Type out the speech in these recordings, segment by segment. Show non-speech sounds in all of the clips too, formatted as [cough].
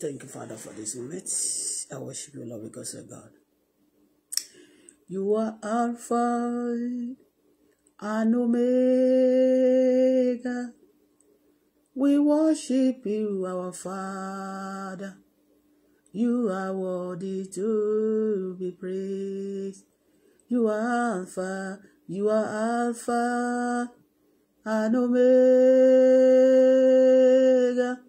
Thank you, Father, for this moment. I worship you, Lord, because of God. You are Alpha and Omega. We worship you, our Father. You are worthy to be praised. You are Alpha, you are Alpha and Omega.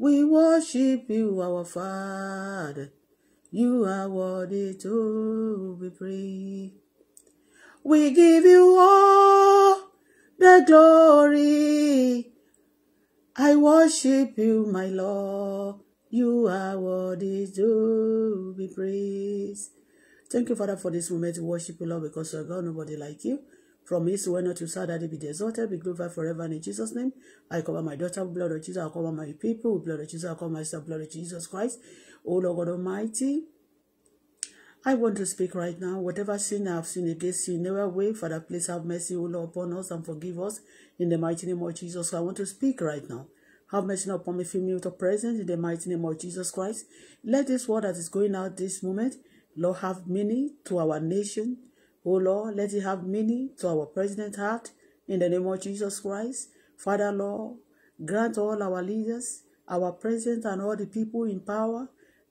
We worship you, our Father. You are worthy to be praised. We give you all the glory. I worship you, my Lord. You are worthy to be praised. Thank you, Father, for this moment to worship you, Lord, because you are God, nobody like you. from his to to south, be exalted, be glorified forever. And in Jesus' name, I cover my daughter with blood of Jesus. I cover my people with blood of Jesus. I cover myself blood of Jesus Christ. O Lord God Almighty, I want to speak right now. Whatever sin I have sinned against you, never way, Father, please have mercy, O Lord, upon us and forgive us in the mighty name of Jesus. So I want to speak right now. Have mercy upon me, fill me with your presence in the mighty name of Jesus Christ. Let this word that is going out this moment, Lord, have meaning to our nation, O Lord, let it have meaning to our president heart in the name of Jesus Christ. Father, Lord, grant all our leaders, our president, and all the people in power,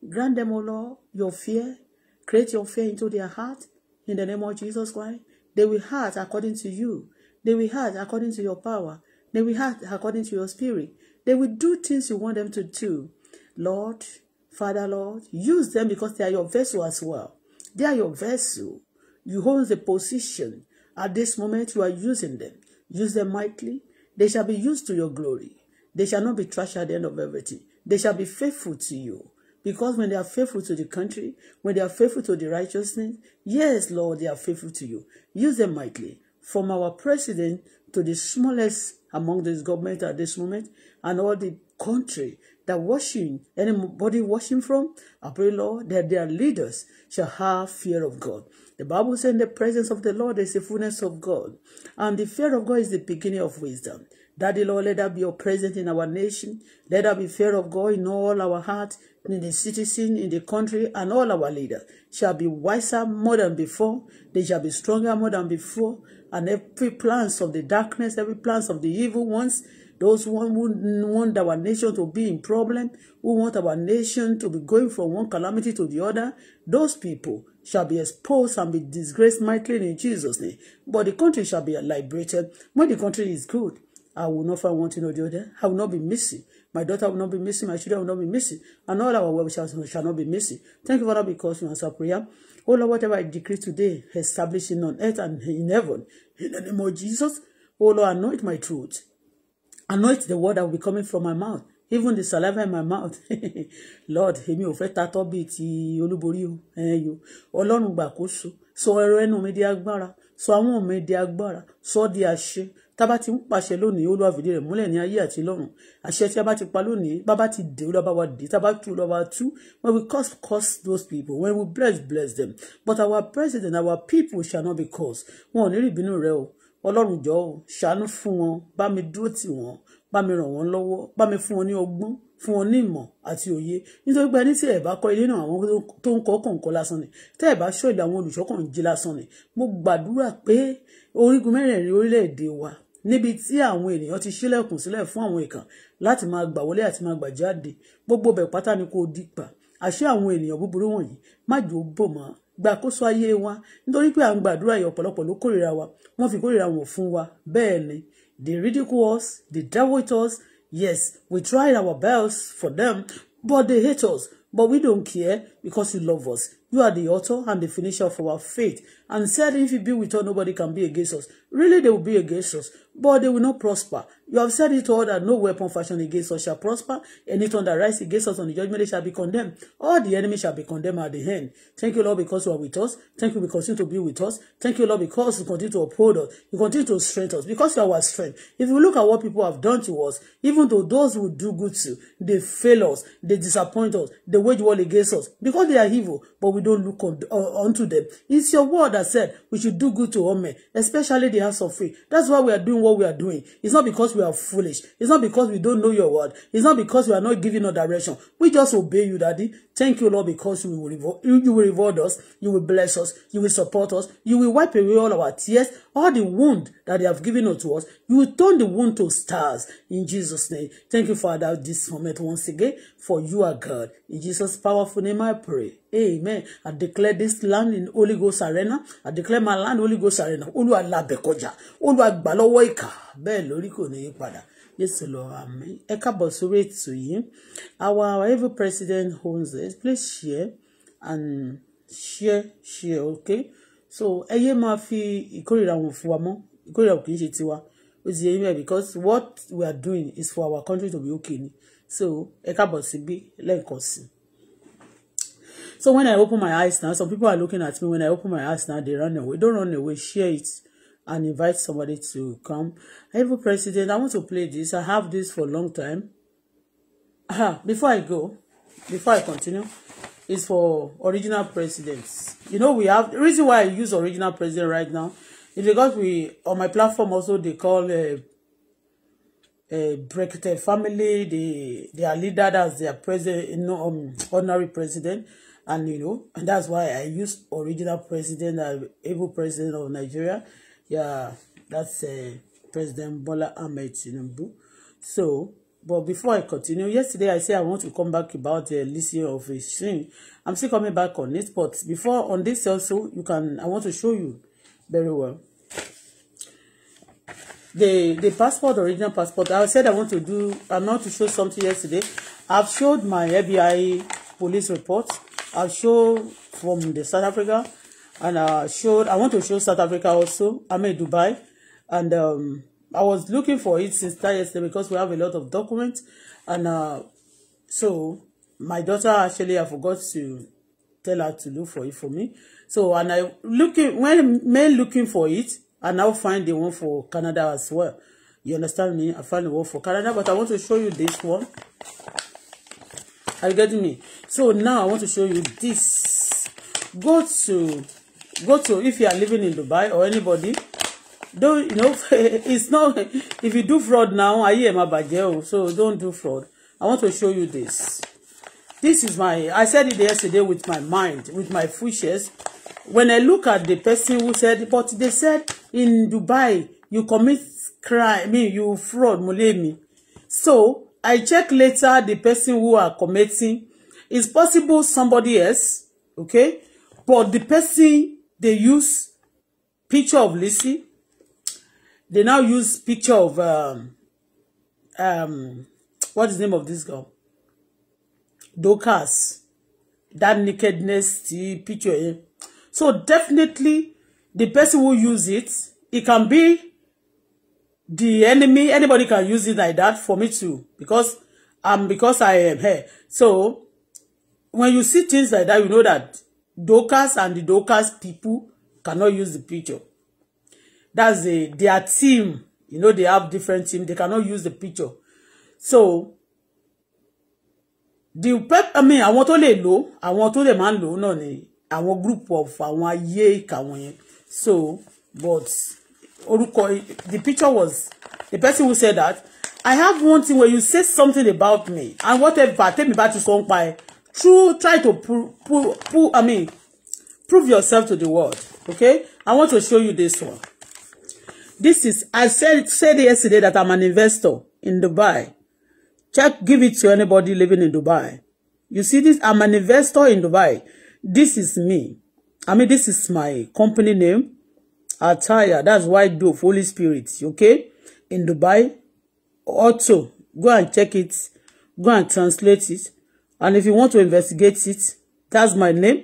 grant them, O Lord, your fear. Create your fear into their heart in the name of Jesus Christ. They will heart according to you. They will heart according to your power. They will heart according to your spirit. They will do things you want them to do. Lord, Father, Lord, use them because they are your vessel as well. They are your vessel. You hold the position. At this moment, you are using them. Use them mightily. They shall be used to your glory. They shall not be trash at the end of everything. They shall be faithful to you. Because when they are faithful to the country, when they are faithful to the righteousness, yes, Lord, they are faithful to you. Use them mightily. From our president to the smallest among this government at this moment and all the country that washing, anybody washing from, I pray, Lord, that their leaders shall have fear of God. The Bible says in the presence of the Lord is the fullness of God. And the fear of God is the beginning of wisdom. Daddy, Lord, let that be your presence in our nation. Let that be fear of God in all our hearts, in the citizen, in the country, and all our leaders shall be wiser more than before. They shall be stronger more than before. And every plans of the darkness, every plans of the evil ones Those who want our nation to be in problem, who want our nation to be going from one calamity to the other, those people shall be exposed and be disgraced mightily in Jesus' name. But the country shall be liberated. When the country is good, I will not find one thing or the other. I will not be missing. My daughter will not be missing. My children will not be missing. And all our wealth shall, shall not be missing. Thank you, Father, because you answer prayer. Oh Lord, whatever I decree today, establishing on earth and in heaven. In the name of Jesus, oh Lord, anoint my truth anoint the word that will be coming from my mouth even the saliva in my mouth [laughs] lord èmi ò fẹ́ tatọ́ bíi ti olúborí o ẹ̀yọ ọlọ́run gbàkóso sọ ẹ̀rọ ẹnu mi di agbára sọ àwọn mi di agbára sọ di àṣẹ tába ti ń pàṣẹ lónìí olúwa fìdí rẹ̀ múlẹ̀ ní ayé àti lọ́run àṣẹ tí a bá ti pa lónìí bábá ti dè olúwa bá wa dè tába tú olúwa bá tú when we curse curse those people when we bless bless them but our president our people shall not be cursed wọn ò ní rí ìbínú rẹ o ọlọ́run jọ̀ọ́ ṣàánú fún wọn bá mi dúró tì wọ́n bá mi ràn wọ́n lọ́wọ́ bá mi fún wọn ní ọgbọ́n fún wọn ní ìmọ̀ àti òye nítorí pé ẹni tí ẹ̀ bá kọ́ ilé náà àwọn tó ń kọ́ kọ̀ǹkọ́ lásán ni tẹ́ ẹ̀ bá ṣọ́ ìlú àwọn olùṣọ́ kàn jí lásán ni mo gbàdúrà pé orígun mẹ́rẹ̀ẹ̀rin orílẹ̀-èdè wa níbi tí àwọn ènìyàn ti ṣílẹ̀kùn sílẹ̀ fún àwọn ìkàn láti máa gbà wọlé àti máa gbà jáde gbogbo bẹ̀ pátá ni kò dìpà àṣẹ àwọn ènìyàn búburú wọ̀nyí má jò bò mọ́ gbàkóso ayé wa nítorí pé à ń gbàdúrà yìí ọ̀pọ̀lọpọ̀ ló kórìíra wa wọ́n fi kórìíra wọn fún wa bẹ́ẹ̀ ni they ridicule us they dealt with us yes we tried our best for them but they hate us but we don't care because you love us you are the author and the finisher of our faith and said if you be with us nobody can be against us really they will be against us but they will not prosper You have said it to all that no weapon fashioned against us shall prosper. Any tongue that rises against us on the judgment day shall be condemned. All the enemy shall be condemned at the end. Thank you, Lord, because you are with us. Thank you because you to be with us. Thank you, Lord, because you continue to uphold us. You continue to strengthen us because you are our strength. If you look at what people have done to us, even though those who do good to, they fail us, they disappoint us, they wage war against us because they are evil, but we don't look on, uh, unto them. It's your word that said we should do good to all men, especially the house of free. That's why we are doing what we are doing. It's not because we are foolish. It's not because we don't know your word. It's not because we are not giving no direction. We just obey you, Daddy. Thank you, Lord, because you will reward, you will reward us. You will bless us. You will support us. You will wipe away all our tears, all the wound that they have given unto us, you will turn the wound to stars in Jesus' name. Thank you, Father, this moment once again, for you are God. In Jesus' powerful name I pray. Amen. I declare this land in Holy Ghost Arena. I declare my land Holy Ghost Arena. Olúwa la bekoja, Olúwa gbà lọ́wọ́ ìkà. Bẹ́ẹ̀ lórí kò ní í padà. Jésù lọ àmín. Ẹ Our evil president owns it. Please share and share, share, okay? so ẹ yé máa fi ìkórìíra wọn fún wa mọ́ ìkórìíra wọn kì í ṣe tiwa ó ti yẹ yín bẹ́ẹ̀ because what we are doing is for our country to be okay ni so ẹ káàbọ̀ sí bí lẹ́ẹ̀kan sí So when I open my eyes now, some people are looking at me. When I open my eyes now, they run away. Don't run away. Share it and invite somebody to come. Evil president, I want to play this. I have this for a long time. Ah, before I go, before I continue, is for original presidents. You know, we have the reason why I use original president right now is because we on my platform also they call a uh, uh, Brekete family, they their leader that's their president, you know, um, ordinary president, and you know, and that's why I use original president, uh, able president of Nigeria. Yeah, that's uh, President Bola Ahmed Tinubu. So But before I continue, yesterday I said I want to come back about the uh, listing of a string. I'm still coming back on it, but before on this also, you can I want to show you very well. The the passport, original passport. I said I want to do I want to show something yesterday. I've showed my FBI police report. I've showed from the South Africa and I showed I want to show South Africa also. I'm in Dubai and um I was looking for it since yesterday because we have a lot of documents and uh, so my daughter actually I forgot to tell her to look for it for me. So and I looking when men looking for it, I now find the one for Canada as well. You understand me? I find the one for Canada, but I want to show you this one. Are you getting me? So now I want to show you this. Go to go to if you are living in Dubai or anybody don't you know [laughs] it's not if you do fraud now I hear my bàjẹ́ so don't do fraud i want to show you this this is my i said it yesterday with my mind with my wishes. when i look at the person who said but they said in Dubai you commit crime i mean you fraud mulemi so i check later the person who are committing it's possible somebody else okay but the person they use picture of Lizzy they now use picture of um um what is the name of this girl Dorcas that nakedness the picture eh? so definitely the person who use it it can be the enemy anybody can use it like that for me too because um because I am here so when you see things like that you know that Dorcas and the Dorcas people cannot use the picture that's a, their team. You know, they have different team. They cannot use the picture. So, the pep, I mean, àwọn tó lè lò, àwọn tó lè máa ń lò náà ni àwọn group of àwọn ayé ìkà wọ̀nyẹn. So, but orúkọ, the picture was the person who said that. I have one thing where you say something about me and whatever, take me back to some pie. True, try to pull, pull, pull, I mean, prove yourself to the world. Okay? I want to show you this one. This is, I said, said yesterday that I'm an investor in Dubai. Check, give it to anybody living in Dubai. You see this, I'm an investor in Dubai. This is me. I mean, this is my company name, Attire. That's why do Holy Spirit, okay? In Dubai, Also, Go and check it. Go and translate it. And if you want to investigate it, that's my name.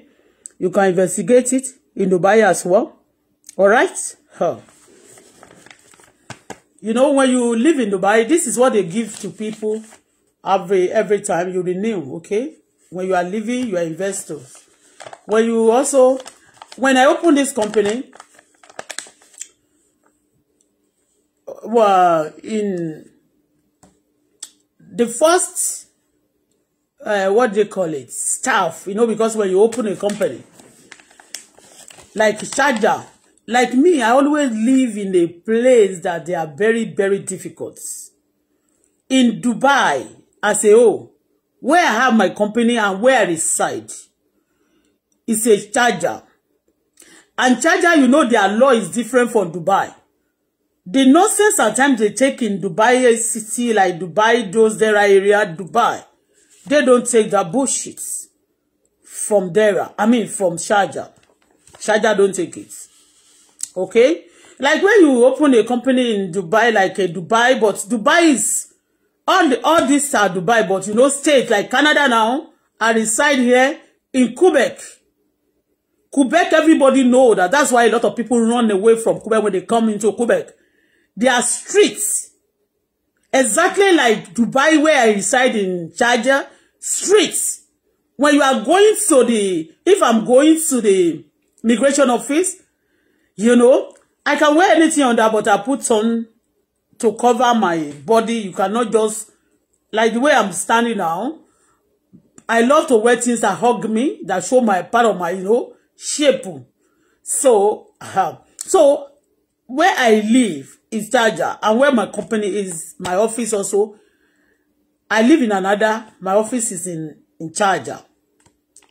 You can investigate it in Dubai as well. All right? Huh you know when you live in Dubai this is what they give to people every every time you renew okay when you are living you are investors when you also when I open this company well in the first uh, what they call it staff you know because when you open a company like charger like me, I always live in a place that they are very, very difficult. In Dubai, I say, "Oh, where I have my company and where I reside, it's a charger. And charger, you know, their law is different from Dubai. The nonsense at times they take in Dubai city, like Dubai, those there area, Dubai, they don't take that bullshit from there. I mean, from Sharjah. Sharjah don't take it okay like when you open a company in Dubai like a eh, Dubai but Dubai is all the, all these are Dubai but you know states like Canada now are inside here in Quebec Quebec everybody know that that's why a lot of people run away from Quebec when they come into Quebec they are streets exactly like Dubai where I reside in Charger streets when you are going to the if I'm going to the migration office You know, I can wear anything under, but I put on to cover my body. You cannot just, like the way I'm standing now, I love to wear things that hug me, that show my part of my, you know, shape. So, uh, so where I live is Jaja, and where my company is, my office also. I live in another, my office is in, in Jaja.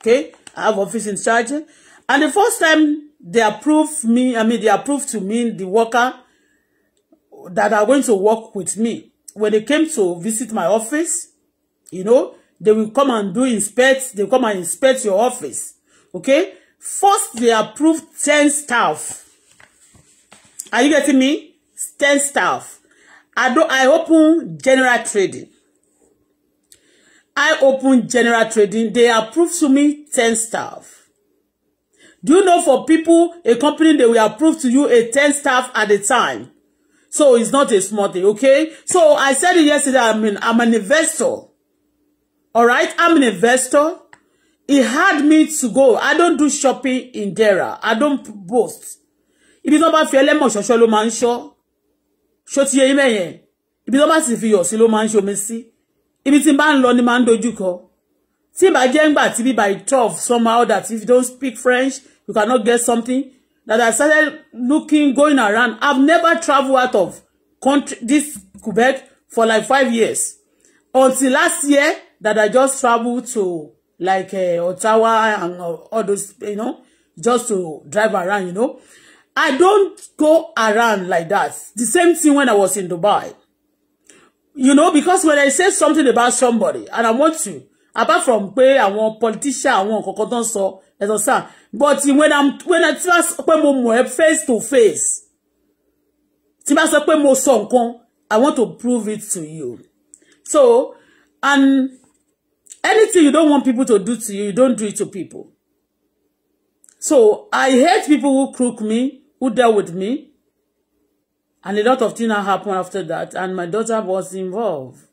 Okay, I have office in Jaja. And the first time they approve me, I mean, they approve to me the worker that are going to work with me. When they came to visit my office, you know, they will come and do inspect, they come and inspect your office. Okay? First, they approve 10 staff. Are you getting me? 10 staff. I do I open general trading. I open general trading. They approve to me 10 staff. Do you know for people, a company, they will approve to you a 10 staff at a time. So it's not a small thing, okay? So I said it yesterday, I mean, I'm an investor. All right, I'm an investor. It had me to go. I don't do shopping in Dera. I don't boast. Ibi tó not about fear. Let me show ń ṣọ́. Ṣó show. yẹ yín mẹ́yẹn? Ibi tó bá sì fi yọ̀ sí ló máa ń ṣomi sí. Ibi tí n man ń lọ ni máa ń dojú kọ. Tí ìbá jẹ́ ńgbà twelve somehow that if you don't speak French you cannot get something that I started looking going around I've never traveled out of country this Quebec for like five years until last year that I just traveled to like uh, Ottawa and uh, all those you know just to drive around you know I don't go around like that the same thing when I was in Dubai you know because when I say something about somebody and I want to apart from pé àwọn politician àwọn kankan tó so, sọ but when i'm when i ti bá sọ mo face to face ti bá sọ pé mo sọ nǹkan i want to prove it to you so and anything you don't want people to do to you you don't do it to people so i hate people who crook me who dealt with me and a lot of things happened after that and my daughter was involved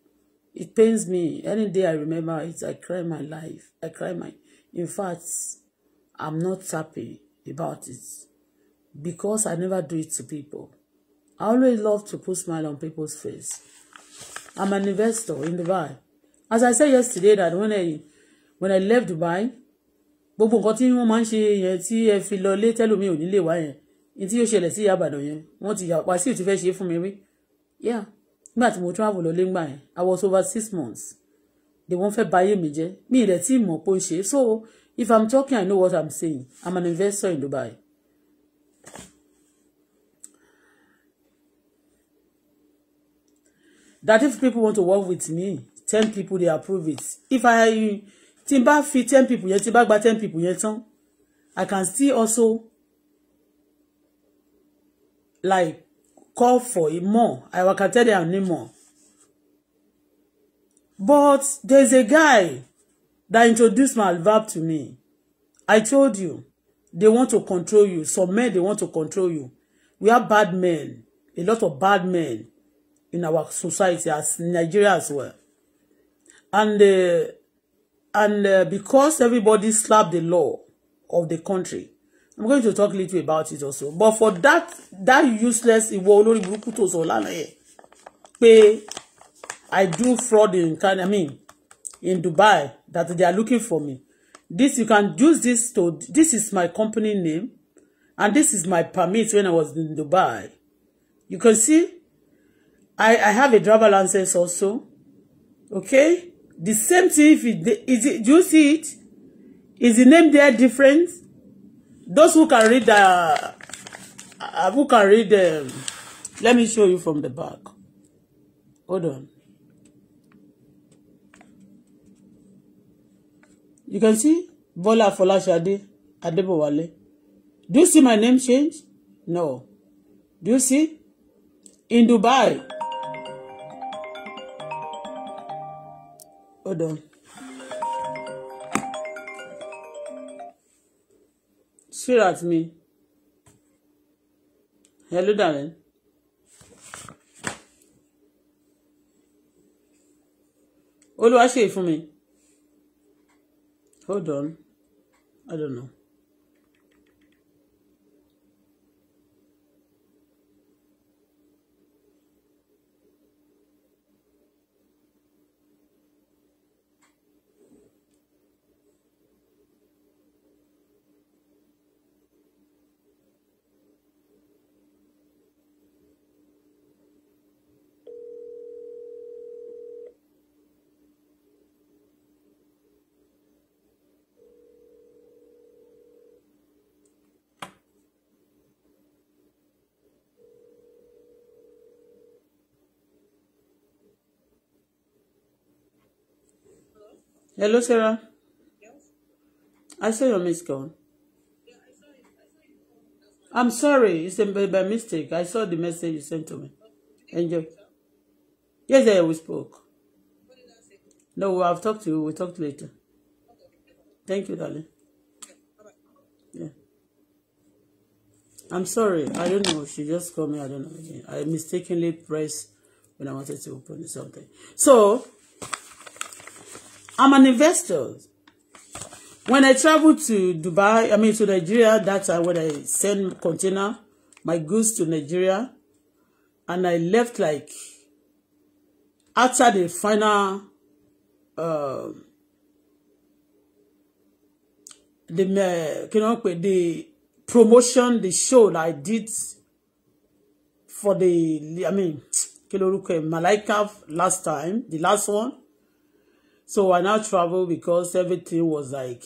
it pains me any day i remember it i cry my life i cry my in fact I'm not happy about it because I never do it to people. I always love to put smile on people's face. I'm an investor in Dubai. As I said yesterday that when I when I left Dubai, gbogbo nǹkan tí wọ́n máa ń ṣe yẹn tí ẹ fi lọ lé tẹ́lómi ò nílé wá yẹn ní tí yóò ṣẹlẹ̀ sí Ìbàdàn yẹn wọ́n ti yàpá sí ìtúfẹ́ ṣe fún mi rí yeah nígbà tí mo travel lọ lé yẹn I was over six months they wọ́n fẹ́ bà ayé mi jẹ́ mi ìrẹ̀ tí mọ̀ pé ó ṣe so If I'm talking, I know what I'm saying. I'm an investor in Dubai. That if people want to work with me, 10 people, they approve it. If I, tí n bá 10 people yẹn, tí n 10 people yẹn I can see also like call for it more. I can tell them I need more. But there's a guy that introduced Malverb to me. I told you, they want to control you. Some men, they want to control you. We have bad men, a lot of bad men in our society, as Nigeria as well. And uh, and uh, because everybody slapped the law of the country, I'm going to talk a little about it also. But for that that useless ìwọ olórí burúkú tó sọ lánàá yẹn I do fraud in I mean in Dubai that they are looking for me. This you can use this to this is my company name and this is my permit when I was in Dubai. You can see I, I have a driver license also. Okay? The same thing if it is it do you see it? Is the name there different? Those who can read the uh, who can read them. Um, let me show you from the back. Hold on. You can see Bola Folashade Adebowale. Do you see my name change? No. Do you see? In Dubai. Hold on. Swear at me. Hello, darling. Olúwa ṣe fún mi. Hold on. I don't know. Hello, Sarah. Yes? I saw your missed call. Yeah, I saw it. I saw it. I'm sorry. It's a, by mistake. I saw the message you sent to me. Okay. Enjoy. Yes, yeah, we spoke. What did I say? No, I've talked to you. We'll talk later. Okay. Thank you, darling. Okay. Bye-bye. Yeah. I'm sorry. I don't know. She just called me. I don't know. I mistakenly pressed when I wanted to open something. So, I'm an investor. When I travel to Dubai, I mean to Nigeria, That's when I send container, my goods to Nigeria, and I left like after the final um, uh, the you know, the promotion, the show that I did for the I mean Kiloruke Malaika last time, the last one so i now travel because everything was like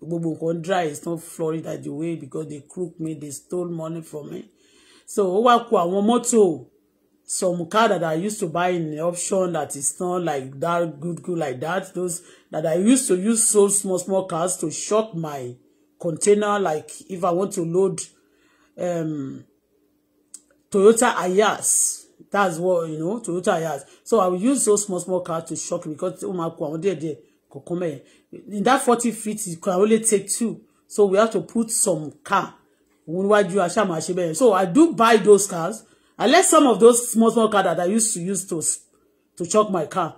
gbogbo nǹkan dry it's not Florida the way because they crook me they stole money from me so ó wá kó àwọn mọ́tò some car that i used to buy in the option that is not like that good good like that those that i used to use so small small cars to shock my container like if i want to load um, Toyota Ayas that's what you know Toyota has so I will use those small small cars to shock me because ó máa kó àwọn díẹ̀ díẹ̀ in that forty feet you can only take two so we have to put some car òun níwájú aṣáàmù àṣebẹ̀yẹ so I do buy those cars I let some of those small small cars that I used to use to to shock my car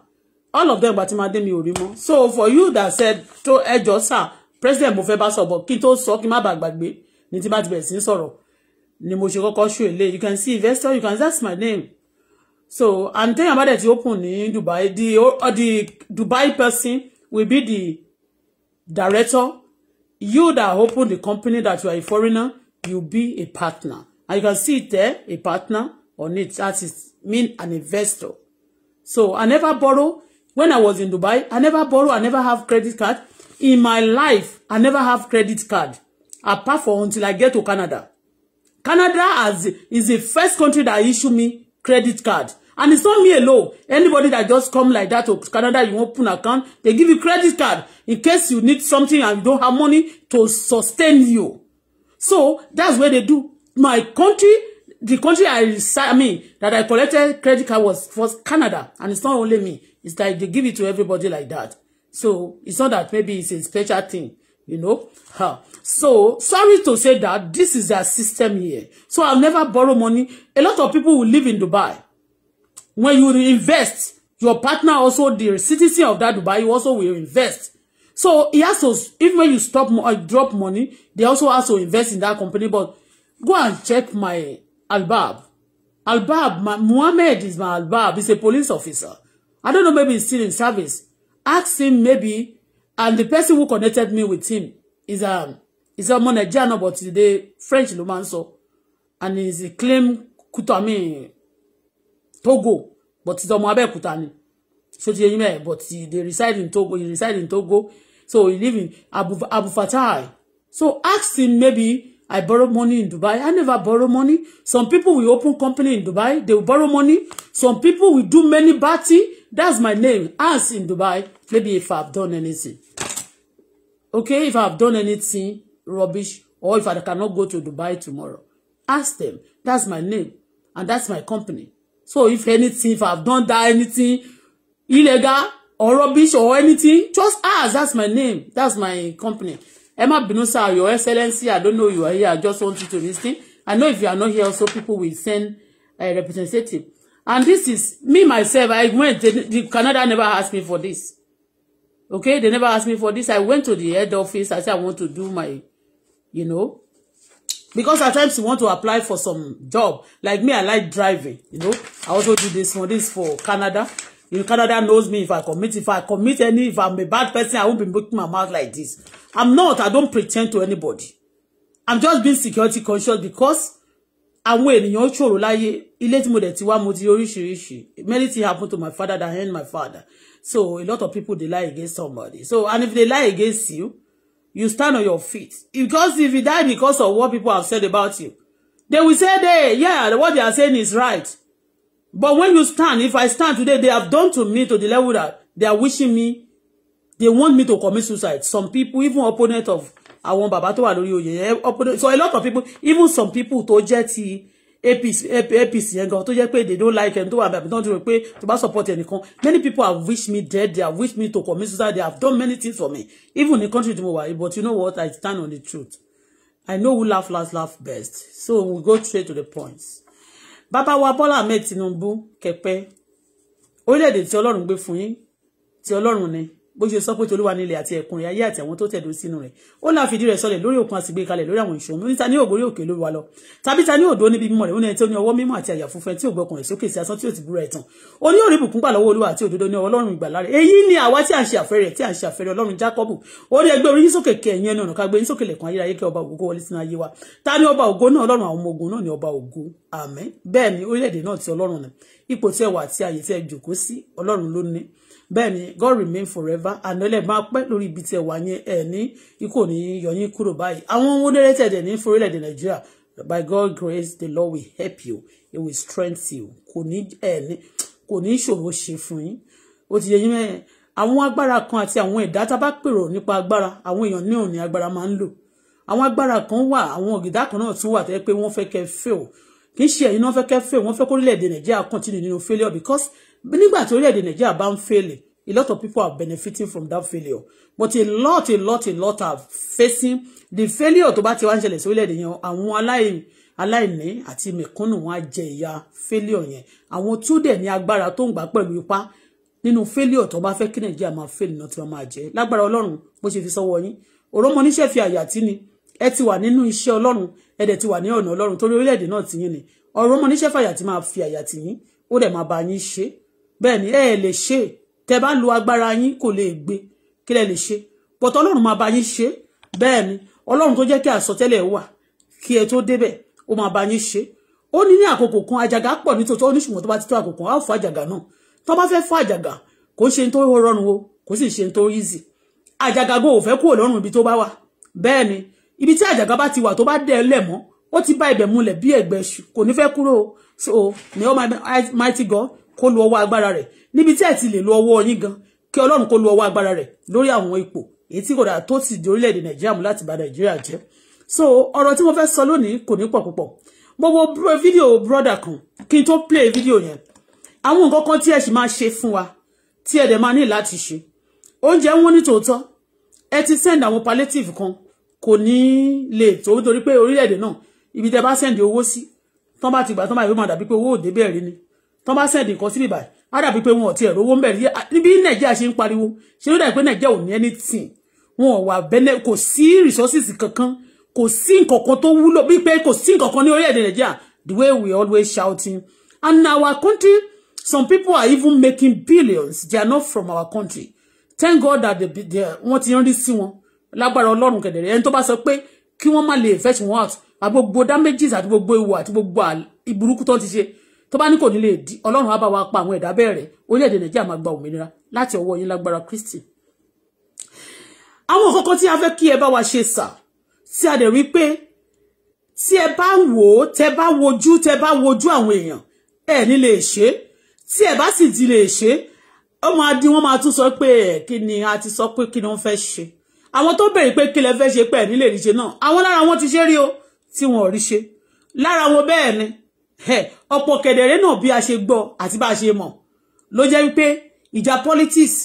all of them gbàtí máa dé so for you that said to ẹjọ́ sir president mo fẹ́ bá sọ̀bọ̀ kí n tó sọ kí n má bàa gbàgbé ní ti bẹ̀rẹ̀ sí sọ̀rọ̀ ni mo ṣe kọ́kọ́ ṣù èlé you can see investor you can that's my name so and tell about that you open in Dubai the or uh, the Dubai person will be the director you that open the company that you are a foreigner you be a partner and you can see it there a partner on it that is mean an investor so I never borrow when I was in Dubai I never borrow I never have credit card in my life I never have credit card apart from until I get to Canada Canada as is the first country that issue me credit card. And it's not me alone. Anybody that just come like that to Canada, you open account, they give you credit card in case you need something and you don't have money to sustain you. So that's where they do. My country, the country I I mean that I collected credit card was was Canada, and it's not only me. It's like they give it to everybody like that. So it's not that maybe it's a special thing, you know. Huh. So, sorry to say that this is their system here. So, I'll never borrow money. A lot of people will live in Dubai. When you invest, your partner also, the citizen of that Dubai, You also will invest. So, he has to, even when you stop or uh, drop money, they also has to invest in that company. But go and check my Albab. Albab, my, Muhammad is my Albab. He's a police officer. I don't know, maybe he's still in service. Ask him maybe, and the person who connected me with him is um He's ọmọ Nigeria náà but today French ló máa ń and he's a claim Kutami Togo but he's ọmọ Abẹ́òkúta ni so ti eyin me but he, they reside in Togo he reside in Togo so he live in Abu, Abu Fatai so ask him maybe I borrow money in Dubai. I never borrow money. Some people will open company in Dubai. They will borrow money. Some people will do many bad things. That's my name. Ask in Dubai. Maybe if I've done anything. Okay, if I've done anything, rubbish or if I cannot go to Dubai tomorrow. Ask them. That's my name and that's my company. So if anything, if I've done that, anything illegal or rubbish or anything, just ask. That's my name. That's my company. Emma Binusa, Your Excellency, I don't know you are here. I just want you to listen. I know if you are not here, so people will send a representative. And this is me myself. I went. They, the Canada never asked me for this. Okay, they never asked me for this. I went to the head office. I said I want to do my you know because at times you want to apply for some job like me i like driving you know i also do this one this for canada you know canada knows me if i commit if i commit any if i'm a bad person i won't be making my mouth like this i'm not i don't pretend to anybody i'm just being security conscious because I'm waiting. Your láyé ilé He let me that wá mo ti many things happened to my father that end my father so a lot of people they lie against somebody so and if they lie against you you stand on your feet. Because if you die because of what people have said about you, they will say, they, yeah, what they are saying is right. But when you stand, if I stand today, they have done to me to the level that they are wishing me, they want me to commit suicide. Some people, even opponent of I bàbá tó wà lórí oyè so a lot of people even some people to jẹ́ ti apc apc yẹn gan tó jẹ́ pé they don't like ẹni tó wà bàbí tó ń rò pé tó bá support ẹnìkan many people have wished me dead they have wished me to commit suicide they have done many things for me even in country tí mo but you know what i stand on the truth i know who laugh last laugh best so we go straight to the point bàbá wa Bọ́lá Ahmed Tinubu kẹpẹ orílẹ̀-èdè tí Ọlọ́run gbé fún yín tí Ọlọ́run ni bó ṣe sọ pé tolúwa nílẹ̀ àti ẹ̀kúnrin ayé àti àwọn tó tẹ̀dó sínú rẹ̀ ó náà fìdí rẹ̀ sọlẹ̀ lórí òkun àsìgbè kalẹ̀ lórí àwọn ìṣòro níta ní ògbórí òkè olúwa lọ tàbí ta ní òdo níbi mímọ́ rẹ̀ ó ní ẹni tó ní ọwọ́ mímọ́ àti àyà funfun ẹni tí ògbọkùn rẹ̀ sókè sí asán tí ò ti búra ẹ̀tàn ó ní òrí bùkún gbàlọ́wọ́ olúwa àti òdodo ní ọlọ́run ìgbàlá rẹ̀ èyí ni àwa tí à ń ṣe àfẹ́ rẹ̀ tí à ń ṣe àfẹ́rẹ́ ọlọ́run jákọ́bù ó ní ẹgbẹ́ orí yín sókè kẹ ẹ̀yìn ẹnu ọ̀nà ká gbé yín sókè lẹ̀kùn ayérayé kẹ ọba ògo wọlé sínú ayé wa ta ni ọba ògo náà ọlọ́run àwọn ọmọ ogun náà ni ọba ògo àmín bẹ́ẹ̀ ni orílẹ̀-èdè náà ti ọlọ́run ni ipò tí ẹ wà àti àyè tí ẹ jòkó sí ọlọ́run ló ní bẹ́ẹ̀ God remain forever àná ẹlẹ́ máa pẹ́ lórí ibi tẹ̀ wá yẹn ẹ̀ ní ikú ní yọyín kúrò báyìí àwọn ohun eléré tẹ̀dẹ̀ ní forílẹ̀-èdè Nàìjíríà by God grace the Lord will help you it will strengthen you kò ní ẹ̀ ní kò ní ìṣòro ṣe fún yín ó ti yẹ yín mẹ́rin àwọn agbára kan àti àwọn ẹ̀dá tá a bá pèrò nípa agbára àwọn èèyàn ní òní agbára máa ń lò àwọn agbára kan wà àwọn ọ̀gìdá kan náà tún wà tẹ́ pé wọ́n fẹ́ kẹ́ fail kì í ṣe ẹ̀yin náà fẹ́ kẹ́ fail wọ́n fẹ́ kó orílẹ̀-èdè Nàìjíríà continue nínú failure because nígbà tí orílẹ̀-èdè Nàìjíríà bá ń fẹ́lẹ̀ a lot of people are benefiting from that failure but a lot a lot a lot are facing the failure tó bá ti wá ń ṣẹlẹ̀ sí orílẹ̀-èdè yẹn àwọn aláìní aláìní àti mẹ̀kúnnù wọn á jẹ ìyà failure yẹn àwọn tó dẹ̀ ní agbára tó ń gbà pẹ̀lú ipá nínú failure tó bá fẹ́ kí Nàìjíríà máa fail náà tí wọ́n máa jẹ lágbára Ọlọ́run bó ṣe fi sọ́wọ́ yín òrómọ oníṣẹ́ fi àyà tí ni ẹ ti wà nínú iṣẹ́ Ọlọ́run ẹ dẹ̀ ti wà ní ọ̀nà Ọlọ́run torí orílẹ̀-èdè náà ti yín ni òrómọ oníṣẹ́ fàyà ti máa fi àyà tí yín ó dẹ̀ máa bá yín ṣe bẹ́ẹ̀ ni ẹ lè ṣe tẹ́ bá lu agbára yín kò lè gbé kí lẹ lè ṣe pọ̀tọ́ ọlọ́run máa bá yín ṣe bẹ́ẹ̀ ni ọlọ́run tó jẹ́ kí àsọtẹ́lẹ̀ wà kí ẹ tó débẹ̀ ó máa bá yín ṣe ó ní ní àkókò kan àjàgà pọ̀ nítorí ó ní tó bá ti tó àkókò á fọ àjàgà náà tó bá fẹ́ fọ àjàgà kò ṣe tó rọrùn o kò sì ṣe tó easy àjàgà go ò fẹ́ kúrò lọ́rùn ibi tó bá wà bẹ́ẹ̀ ni ibi tí àjàgà bá ti wà tó bá dẹ̀ lẹ̀ mọ́ ó ti bá ibẹ̀ múlẹ̀ bí ẹ̀gbẹ́ kò ní fẹ́ kúrò so ni ó mighty God kó lo ọwọ́ agbára rẹ̀ níbi tí ẹ ti lè lo ọwọ́ yín gan kí Ọlọ́run kó lo ọwọ́ agbára rẹ̀ lórí àwọn ipò èyí tí kò dáa tó ti di orílẹ̀-èdè Nàìjíríà mú láti bà Nàìjíríà so ọ̀rọ̀ tí mo fẹ́ sọ lónìí kò ní pọ̀ púpọ̀ mo wo fídíò brọ́dà kan kí n play video yẹn àwọn nǹkan kan tí ẹ sì máa ṣe fún wa tí ẹ dẹ̀ máa ní láti ṣe oúnjẹ ń wọ́n ní tòótọ́ ẹ ti send àwọn palliative kan kò ní lè tó nítorí pé orílẹ̀-èdè náà ibi tẹ bá send owó sí tán bá ti gbà tán bá ìwé máa dàbí pé owó òde bẹ́ẹ̀ rí ni tó bá sẹ́ẹ̀dì nǹkan sí bíbáyìí á dàbí pé wọn ò tiẹ̀ rówó ń bẹ̀rẹ̀ níbi nàìjíríà ṣe ń pariwo ṣe ló dàbí pé nàìjíríà ò ní anything wọn ò wà bẹ́lẹ̀ kò sí resources kankan kò sí nǹkan kan tó wúlò bíi pé kò sí nǹkan kan ní orílẹ̀-èdè nàìjíríà the way we always shouting and our country some people are even making billions they are not from our country thank god that they, they, wọ́n ti rí sí wọn lágbára ọlọ́run kẹ̀dẹ̀rẹ̀ ẹni tó bá sọ pé kí wọ́n má lè fetch wọn out àgbogbo damages àti gbogbo ewu àti gbogbo ìburúkú tó ti ṣe tó bá ní kò ní lè di ọlọ́run á bá wa pa àwọn ẹ̀dá bẹ́ẹ̀rẹ̀ orílẹ̀-èdè nàìjíríà máa gba òmìnira láti ọwọ́ yín lágbára kristi àwọn kọ̀ọ̀kan tí a fẹ́ kí ẹ bá wa ṣe sà tí a dẹ̀ rí pé tí ẹ bá wò ó tẹ bá wojú tẹ bá wojú àwọn èèyàn ẹ ní lè ṣe tí ẹ bá sì ti lè ṣe ó máa di wọn máa tún sọ pé kí ni a ti sọ pé kí ni wọn fẹ́ ṣe àwọn tó bèrè pé kí lẹ fẹ́ ṣe pé ẹ ní lè ṣe náà àwọn lára wọn ti ṣe rí o tí wọn ò rí ṣe lára wọn bẹ́ẹ̀ ni ọ̀pọ̀ kẹ̀dẹ̀rẹ́ náà bí a ṣe gbọ́ àti bá a ṣe mọ̀ ló jẹ́ wípé ìjà politics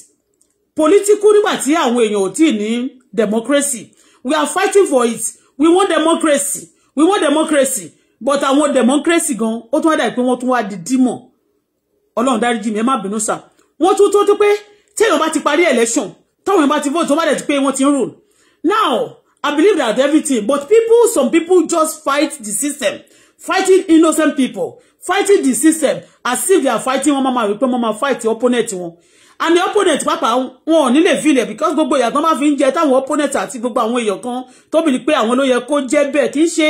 political nígbà tí àwọn èèyàn ò tí ní democracy we are fighting for it we want democracy we want democracy but àwọn democracy gan ó tún wá dà pé wọ́n tún wá di dímọ̀ ọlọ́run dáríjì mi ẹ má bínú sà wọ́n tún tó tó pé téèyàn bá ti parí election táwọn bá ti vote tó bá dẹ̀ ti pé wọ́n ti ń rule now I believe that everything but people some people just fight the system fighting innocent people fighting the system as if they are fighting one mama rí pé wọn máa fight opponent wọn and the opponent pàápàá wọn ò ní lè feel it because gbogbo ìyà tán bá fi ń jẹ táwọn opponent àti gbogbo àwọn èèyàn kan tó bìí pé àwọn ló yẹ kó jẹ bẹ́ẹ̀ kì í ṣe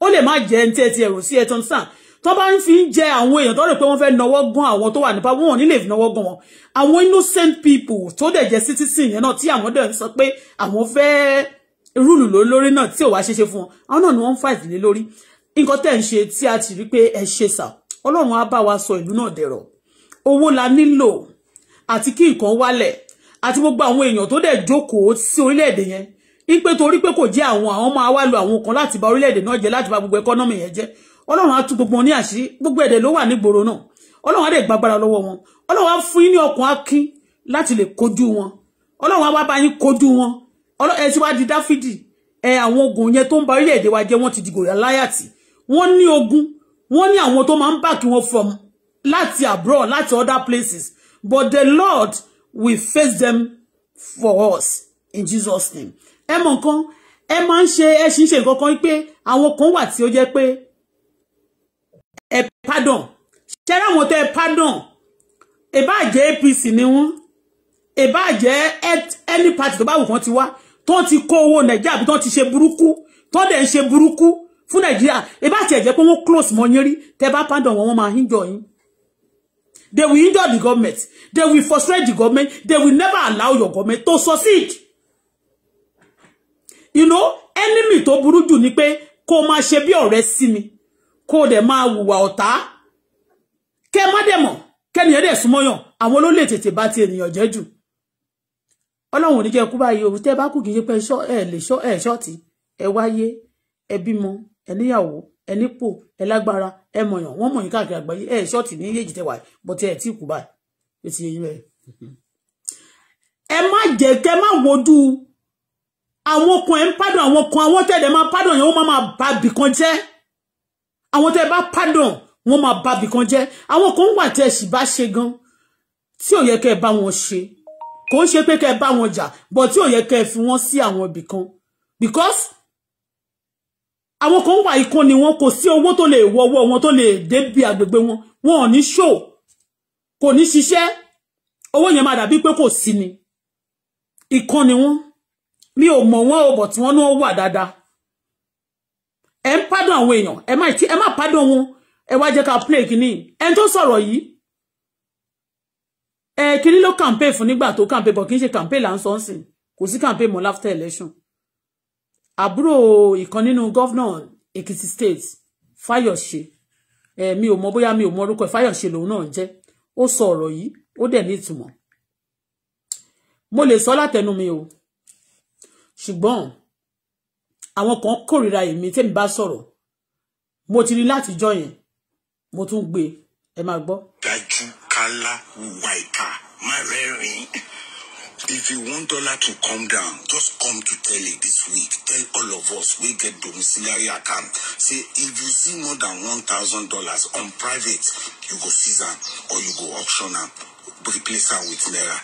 ó lè má jẹ ní tiẹ̀ tiẹ̀ rò sí ẹ̀tọ́ sàn tó bá ń fi ń jẹ àwọn èèyàn tó rò pé wọ́n fẹ́ nọwọ́ gan àwọn tó wà nípa wọn ò ní lè nọwọ́ gan wọn àwọn innocent people tó dẹ̀ jẹ́ citizen yẹn náà tí àwọn dẹ̀ sọ pé àwọn fẹ́ rúlù lórí náà tí ò wá ṣeéṣe fún wọn àwọn náà ni wọ́n ń fight lé lórí nǹkan tẹ́ ń ṣe tí a ti rí pé ẹ ṣe sà ọlọ́run á bá wa sọ ìlú náà dẹ̀rọ̀ owó la nílò àti kí nǹkan wálẹ̀ àti gbogbo àwọn èèyàn tó dẹ̀ jókòó sí orílẹ̀-èdè yẹn ń pé torí pé kò jẹ́ àwọn àwọn máa wá lo àwọn kan láti bà orílẹ̀-èdè náà jẹ́ láti bà gbogbo ẹkọ́nọ́mì yẹn jẹ́ ọlọ́run á tú gbogbo ní àṣírí gbogbo èdè ló wà nígboro náà ọlọ́run á dẹ̀ gbàgbára lọ́wọ́ wọn ọlọ́run á fún yín ní ọkàn akin láti lè kojú wọn ọlọ́run á wá bá yín kojú wọn ẹ ti wá di dáfídì ẹ àwọn ogun yẹn tó ń bà orílẹ̀-èdè wa jẹ́ wọ́n ti di láyàtì wọ́n ní ogun wọ́n ní àwọn tó máa ń back wọn from láti abroad láti other places but the Lord will face them for us in Jesus name ẹ mọ̀ nǹkan ẹ máa ń ṣe ẹ sì ń ṣe nǹkan kan pé àwọn kan wà tí ó jẹ́ pé ẹ pardon ṣẹ́rẹ́ àwọn tẹ́ ẹ pardon ìbá jẹ́ APC ni wọ́n ìbá jẹ́ any party tó bá wù kán ti wá tó ti kó owó Nàìjíríà àbí tó ti ṣe burúkú tó dẹ̀ ń ṣe burúkú fún nàìjíríà ìbá tiẹ̀ jẹ́ pé wọ́n close mọ́ yín rí tẹ́ bá pàdán wọn wọ́n máa ń jọ yín they will injure the government they will frustrate the government they will never allow your government to succeed you know enemy tó burú jù ni pé kó o máa ṣe bí ọ̀rẹ́ sí mi kó o dẹ̀ máa hùwà ọ̀tá kẹ́ má dẹ̀ mọ̀ kẹ́niyàn dẹ̀ súnmọ́ yàn àwọn olólè tètè bá ti ènìyàn jẹ́ jù ọlọ́run ò ní jẹ́ kú báyìí òun tẹ́ bá kù kì í ṣe pé ẹ lè ṣọ́ọ̀tì ẹ wáyé ẹ bímọ ẹ níyàwó ẹ nípò ẹ lágbára ẹ mọ̀yàn wọ́n mọ̀ yín káàkiri àgbáyé ẹ ṣọ́ọ̀tì ní yéèjì tẹwàá bọ́ tí ẹ tí kú báyìí ó ti yẹyìn bẹ́ẹ̀. ẹ má jẹ́ kẹ́ má wojú àwọn kan ẹ̀ ń pádùn pardon kan àwọn tẹ̀lé máa pádùn yẹn wọ́n máa ba bìkan jẹ́ àwọn tẹ̀ bá pádùn wọ́n máa ba bìkan jẹ́ àwọn kan wà tẹ̀ sì bá ṣe gan tí ò yẹ kẹ́ bá wọn ṣe kò ń ṣe pé kẹ́ bá wọn jà bọ̀ tí ò yẹ kẹ́ fi wọ́n sí àwọn ibìkan because àwọn kan wà ikán ni wọn kò sí owó tó lè wọwọ wọn tó lè débi àgbègbè wọn wọn ò ní ṣò kò ní ṣiṣẹ́ owó yẹn máa dàbí pé kò sí ni ikán ni wọn mi ò mọ̀ wọn ò bọ̀ tí wọn náà wà dáadáa ẹ ń pádùn àwọn èèyàn ẹ má ẹ má pádùn wọn ẹ wá jẹ́ ká play kínní ẹni tó sọ̀rọ̀ yìí ẹ kínní ló campaign fún nígbà tó campaign bọ̀ kì í ṣe campaign là ń sọ ń sìn kò sí campaign mọ́ láfter election àbúrò ìkan nínú gọ́vnà Èkìtì state Fáyọ̀ṣe mi ò mọ bóyá mi ò mọ orúkọ ẹ̀ Fáyọ̀ṣe lòun náà jẹ́ ó sọ ọ̀rọ̀ yìí ó dẹ̀ ní ìtumọ̀ mo lè sọ látẹnu mi o ṣùgbọ́n àwọn kan kórìíra èmi tẹ́mi bá sọ̀rọ̀ mo ti rí látijọ́ yẹn mo tún gbé e. ẹ máa gbọ́. dájú kálá wùwà ìkà má rẹ́rìn-ín if you want dollar to come down just come to tell it this week tell all of us we get domiciliary account say if you see more than one thousand dollars on private you go seize or you go auction am replace her with naira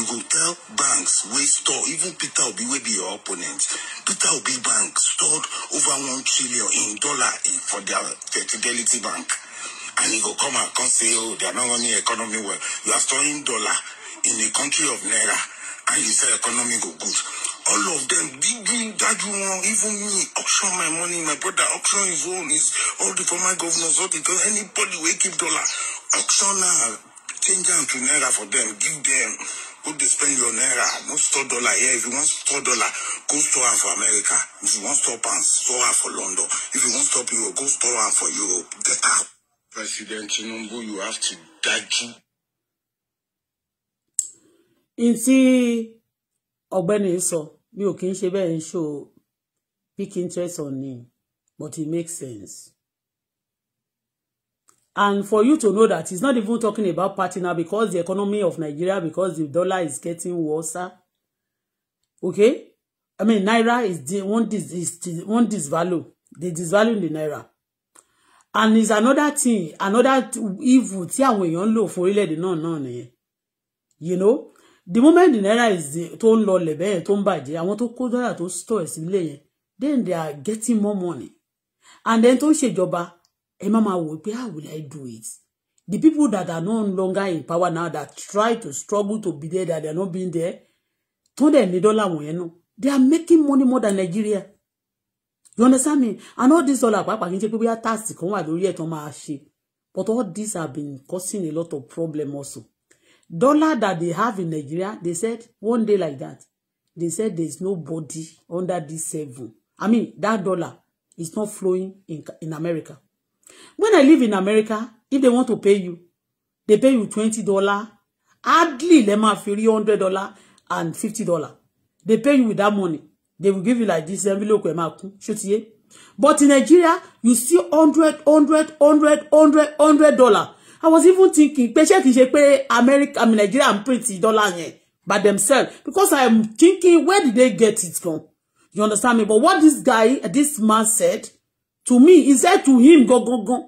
you go tell banks wey store even peter obi wey be your opponent peter obi bank stored over one trillion in dollar in for their fidelity bank and e go come and come say oh they are not running economy well you are storing dollar in the country of naira and you say economy go good all of them big daju wọn even me auction my money my brother auction his own is all the former governors all the anybody will keep dollar auction am change am to naira for them give them go dey spend your naira no store dollar here if you want store dollar go store am for america if you want store pound store am for london if you want store euro go store am for europe get out. president tinubu you have to daju. In tí ọ̀gbẹ́ni sọ mi ò kì í ṣe bẹ́ẹ̀ ń show pick interest on him but it makes sense and for you to know that he's not even talking about party now because the economy of Nigeria because the dollar is getting worse okay I mean naira is the one dis is one disvalue they disvalue the naira and is another thing another evil tí àwọn èèyàn ń for fún orílẹ̀-èdè náà náà you know the moment the naira is tó ń lebe bẹ́ẹ̀ tó ń bàjẹ́ àwọn tó kó dọ́là tó store ẹ̀ sílé yẹn then they are getting more money and then tó ń ṣèjọba ẹ má máa wò pé how will I do it the people that are no longer in power now that try to struggle to be there that they are not being there tó dẹ̀ ní dọ́là wọ̀nyẹn náà they are making money more than Nigeria you understand me and all this dollar pàápàá kì í ṣe pé bóyá tax kan wà lórí ẹ̀ tán máa ṣe but all these have been causing a lot of problem also dollar that they have in Nigeria, they said one day like that, they said there's nobody under this seven. I mean, that dollar is not flowing in, in America. When I live in America, if they want to pay you, they pay you $20. Hardly they might feel $100 and $50. They pay you with that money. They will give you like this envelope. But in Nigeria, you see 100, 100, 100, 100, 100 dollars. I was even thinking pé ṣé kìí ṣe America I mean Nigeria ń print dollar yẹn by themselves because I am thinking where did they get it from? You understand me? But what this guy, this man said to me, he said to him, go, go, go.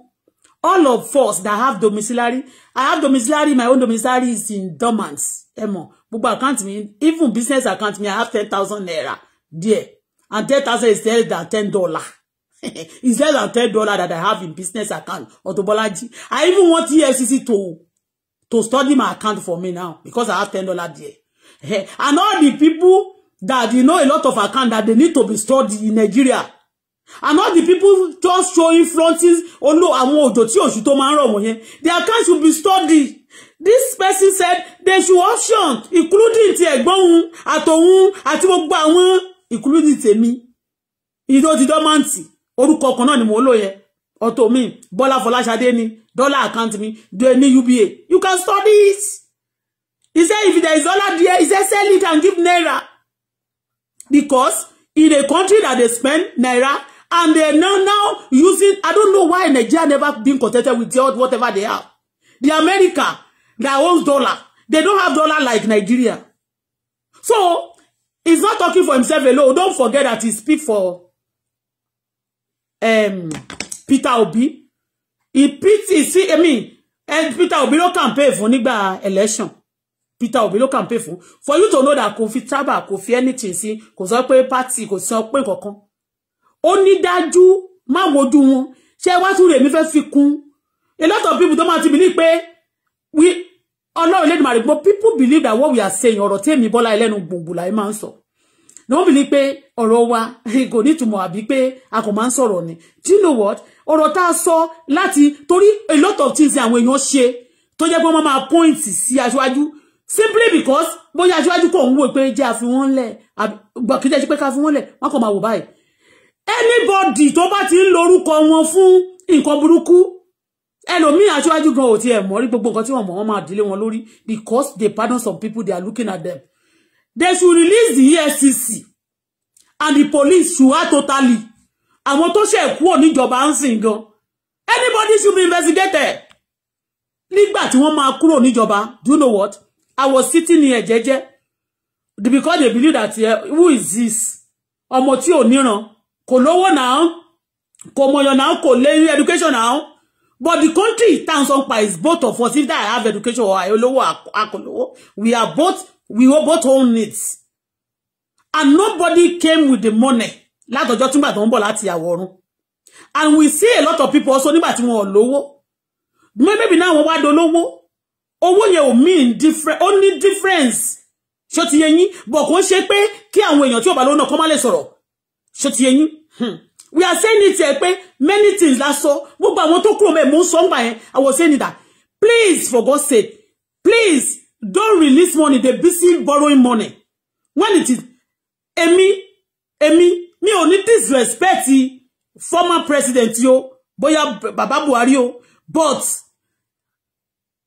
All of us that have domiciliary, I have domiciliary, my own domiciliary is in dormants. Emo, gbogbo account me even business account me, I have 10,000 naira there. And 10,000 is less than $10 instead of ten dollar that I have in business account Auto Bolaji I even want EFCC to to study my account for me now because I have ten dollar there eh, and all the people that you know a lot of account that they need to be stored in Nigeria and all the people just showing frontis olo oh àwọn òjò tí oṣù tó máa ń rọ̀ wọ̀nyẹn their account should be studied this person said they should option including the ti ẹ̀gbọ́n òun àtòun àti gbogbo àwọn including tèmi ìdó ti dọ́mọ̀ntì orúkọ kan náà ni mò ń lò yẹn ọ̀tọ̀ mi Bọ́lá Fọláṣadé ni dollar account mi do ní UBA you can study it he say if there is dollar there he say sell it and give naira because in a country that they spend naira and they now now using I don't know why Nigeria never been contented with the, whatever they have the America that owns dollar they don't have dollar like Nigeria so he's not talking for himself alone don't forget that he speak for um, Peter Obi he ìpìtì I mean, and Peter Obi ló campaign for nígbà election Peter Obi ló campaign fún for you to know that kò fi traba kò fi anything sí kò sọ pé party kò sọ pé kankan Only that you, má wojú wọn She wá tún rèmi fẹ́ fi kún a lot of people don't máa ti believe pé we ọlọ́run let màrí gbọ́ people believe that what we are saying ọ̀rọ̀ tí èmi Bọ́lá ẹlẹ́nu gbùngbùn láì máa ń ló bì ní pé ọ̀rọ̀ wa [laughs] kò nítumọ̀ àbí pé a kò máa ń ni do you know what ọ̀rọ̀ tá a sọ láti torí a lot of things àwọn èèyàn ṣe tó jẹ́ pé wọ́n máa point sí aṣáájú simply because bóyá aṣáájú kò ń wò pé jẹ́ àfihàn lẹ̀ gbọ̀kíjẹ́ sí pé ká fi wọ́n lẹ̀ wọ́n kàn máa wò báyìí anybody tó bá ti ń lorúkọ wọn fún nǹkan burúkú ẹlòmíì aṣáájú gan ò tiẹ̀ mọ́ rí gbogbo nǹkan tí wọ́n mọ̀ wọ́n máa dílé wọn lórí because they pardon some people they are looking at them they should release the ESCC and the police should act totally àwọn tó ṣe kúrò níjọba ń sìn gan anybody should be investigated nígbà tí wọ́n máa kúrò níjọba do you know what I was sitting here jẹ́jẹ́ because they believe that uh, who is this ọmọ tí ò níran kò lówó náà kò mọyàn náà kò lé education náà but the country tan sọ is both of us if I have education or I olówó akọlówó we are both we were both own it and nobody came with the money látọjọ́ tí gbàtọ ń bọ̀ láti àwọ ọ̀run and we see a lot of people also nígbà tí wọn ò lówó maybe náà wọn wá dolówó owó yẹn ò mean different only difference ṣó ti yé yín bọ̀ kó ṣe pé kí àwọn èèyàn tí ò bá lówó náà kọ́ má lè sọ̀rọ̀ ti yé hmm. we are saying it here pé many things la sọ gbogbo àwọn tó kúrò mẹ́ẹ̀ mú sọ́ngbà yẹn I was saying that please for God's sake please don't release money they busy borrowing money when it is èmi èmi me only ní disrespect former president yo Boya, Baba Buhari yo. but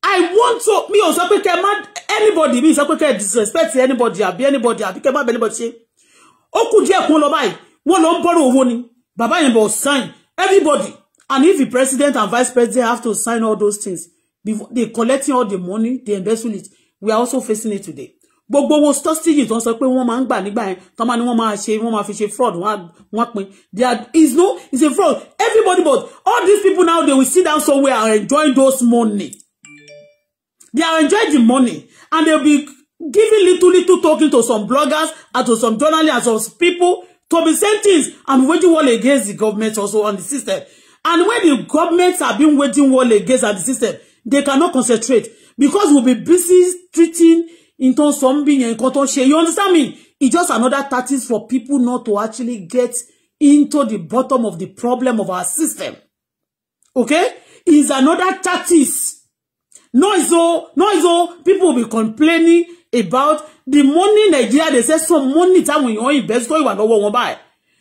i want to me ò sọ pé kẹ́ anybody Me sọ pé kẹ́ disrespect anybody àbí anybody àbí kẹ́ má be anybody ṣe ó kù díẹ̀ kun lọ báyìí wọ́n lọ borrow owó ni bàbá yẹn bó sign everybody and if the president and vice president have to sign all those things before they collecting all the money they embezzle it we are also facing it today gbogbo owó stọ́síjì tó ń sọ pé wọ́n máa ń gbà nígbà yẹn tó máa ní wọ́n máa ṣe wọ́n máa fi ṣe fraud wọ́n pin there is no it's a fraud everybody but all these people now they will sit down somewhere and enjoy those money they are enjoying the money and they be giving little little talking to some bloggers and to some journalists and some people to be saying things and waging war against the government also and the system and when the governments are being waging war against the system they cannot concentrate because we'll be busy treating into something and nǹkan share, you understand me it's just another tactics for people not to actually get into the bottom of the problem of our system okay It's another tactics noise o noise o people will be complaining about the money Nigeria they say some money time táwọn èèyàn invest tó ìwà lọ́wọ́ wọn buy.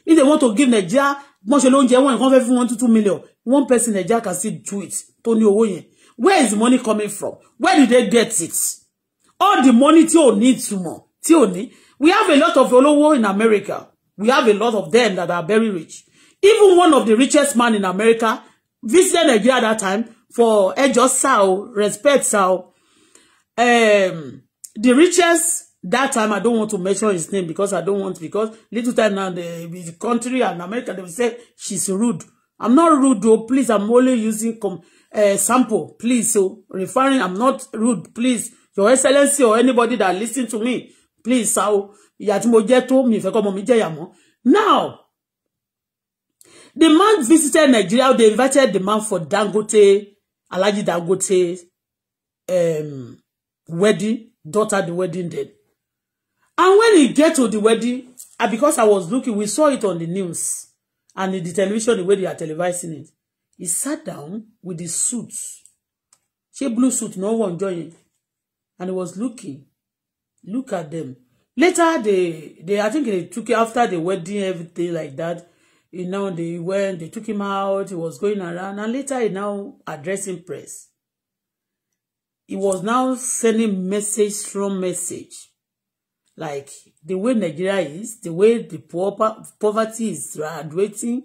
if they want to give Nigeria much alone, lóúnjẹ wọn nǹkan fẹ́ fún to two million one person Nigeria can still do it tó ní owó yẹn Where is the money coming from? Where did they get it? All the money tí ò ní ìtumọ̀, We have a lot of olówó in America. We have a lot of them that are very rich. Even one of the richest man in America visited Nigeria that time for ẹjọ́ sá o, respect sá Um, the richest that time I don't want to mention his name because I don't want because little time now the, the country and America they will say she's rude. I'm not rude though, please. I'm only using com uh, sample, please. So referring, I'm not rude, please. Your Excellency or anybody that listen to me, please. So ìyà tí mo jẹ tó mi fẹ́ kọ́ ọmọ mi jẹ Now, the man visited Nigeria. They invited the man for Dangote, Alaji Dangote, um, wedding daughter, the wedding day. And when he get to the wedding, ah, because I was looking, we saw it on the news and in the television, the way they are televising it he sat down with his suit ṣé blue suit no wọ̀ ǹjọ́ and he was looking look at them later they they i think they took after the wedding everything like that you know they went they took him out he was going around and later he now addressing press he was now sending message strong message like the way Nigeria is the way the poor poverty is graduating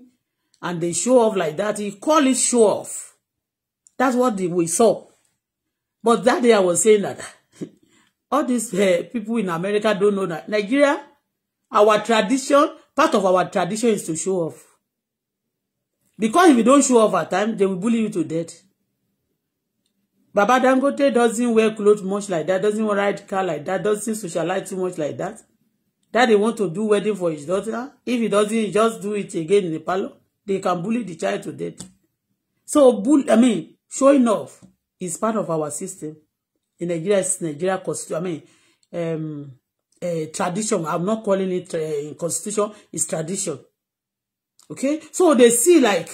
and they show off like that. He call it show off. That's what we saw. But that day I was saying that [laughs] all these uh, people in America don't know that Nigeria, our tradition, part of our tradition is to show off. Because if you don't show off at time, they will bully you to death. Baba Dangote doesn't wear clothes much like that, doesn't ride car like that, doesn't socialize too much like that. That he want to do wedding for his daughter. If he doesn't, he just do it again in the parlor. They can bully the child to death. So, bull, I mean, showing off is part of our system. In Nigeria, it's Nigeria constitution. I mean, um, uh, tradition. I'm not calling it uh, constitution. It's tradition. Okay? So they see like,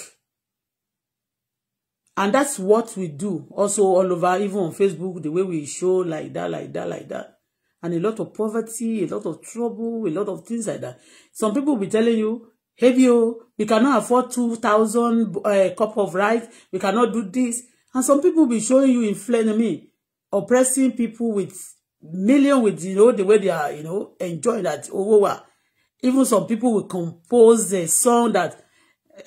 and that's what we do also all over, even on Facebook, the way we show like that, like that, like that. And a lot of poverty, a lot of trouble, a lot of things like that. Some people will be telling you, hey, you, We cannot afford 2,000 uh, eh, cup of rice. We cannot do this. And some people be showing you inflating me, oppressing people with million with, you know, the way they are, you know, enjoying that. Owowa. Even some people will compose a song that,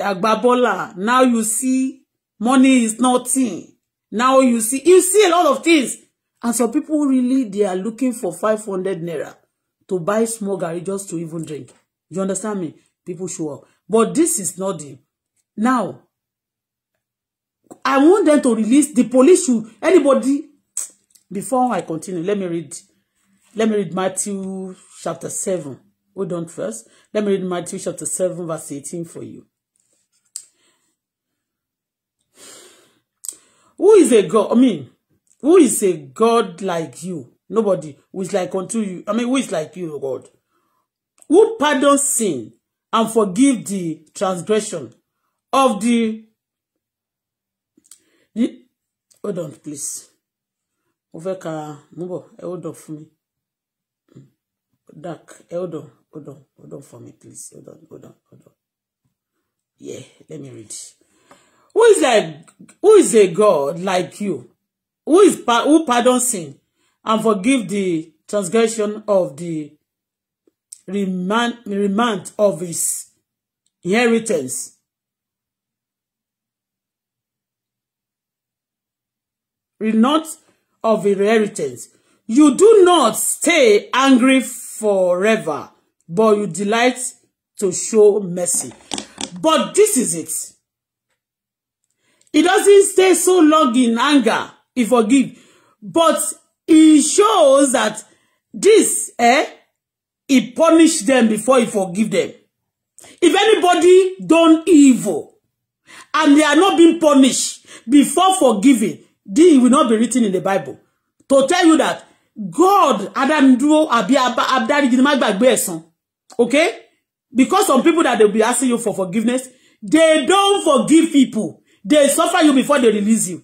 Agbabola, now you see, money is nothing. Now you see, you see a lot of things. And some people really, they are looking for five hundred naira to buy small garri just to even drink. You understand me? People show up. But this is not the now. I want them to release the police should anybody before I continue, let me read let me read Matthew chapter 7. Hold on first. Let me read Matthew chapter 7, verse 18 for you. Who is a God? I mean, who is a God like you? Nobody who is like unto you. I mean, who is like you, God? Who pardons sin and forgive the transgression of the, the hold on please mo fẹ́ ka hold on for me. dark hold on hold on hold on for me please hold on hold on hold on yeah let me read who is a who is a God like you who is who pardon sin and forgive the transgression of the remand, remand of his inheritance. Not of inheritance. You do not stay angry forever, but you delight to show mercy. But this is it. He doesn't stay so long in anger. He forgive. But he shows that this, eh, He punish them before he forgive them. If anybody done evil and they are not being punished before forgiving, they will not be written in the Bible. To tell you that God adanduro abi Abdari ni má gbàgbé ẹ̀san. Okay? Because some people that they'll be asking you for forgiveness, they don't forgive people. They suffer you before they release you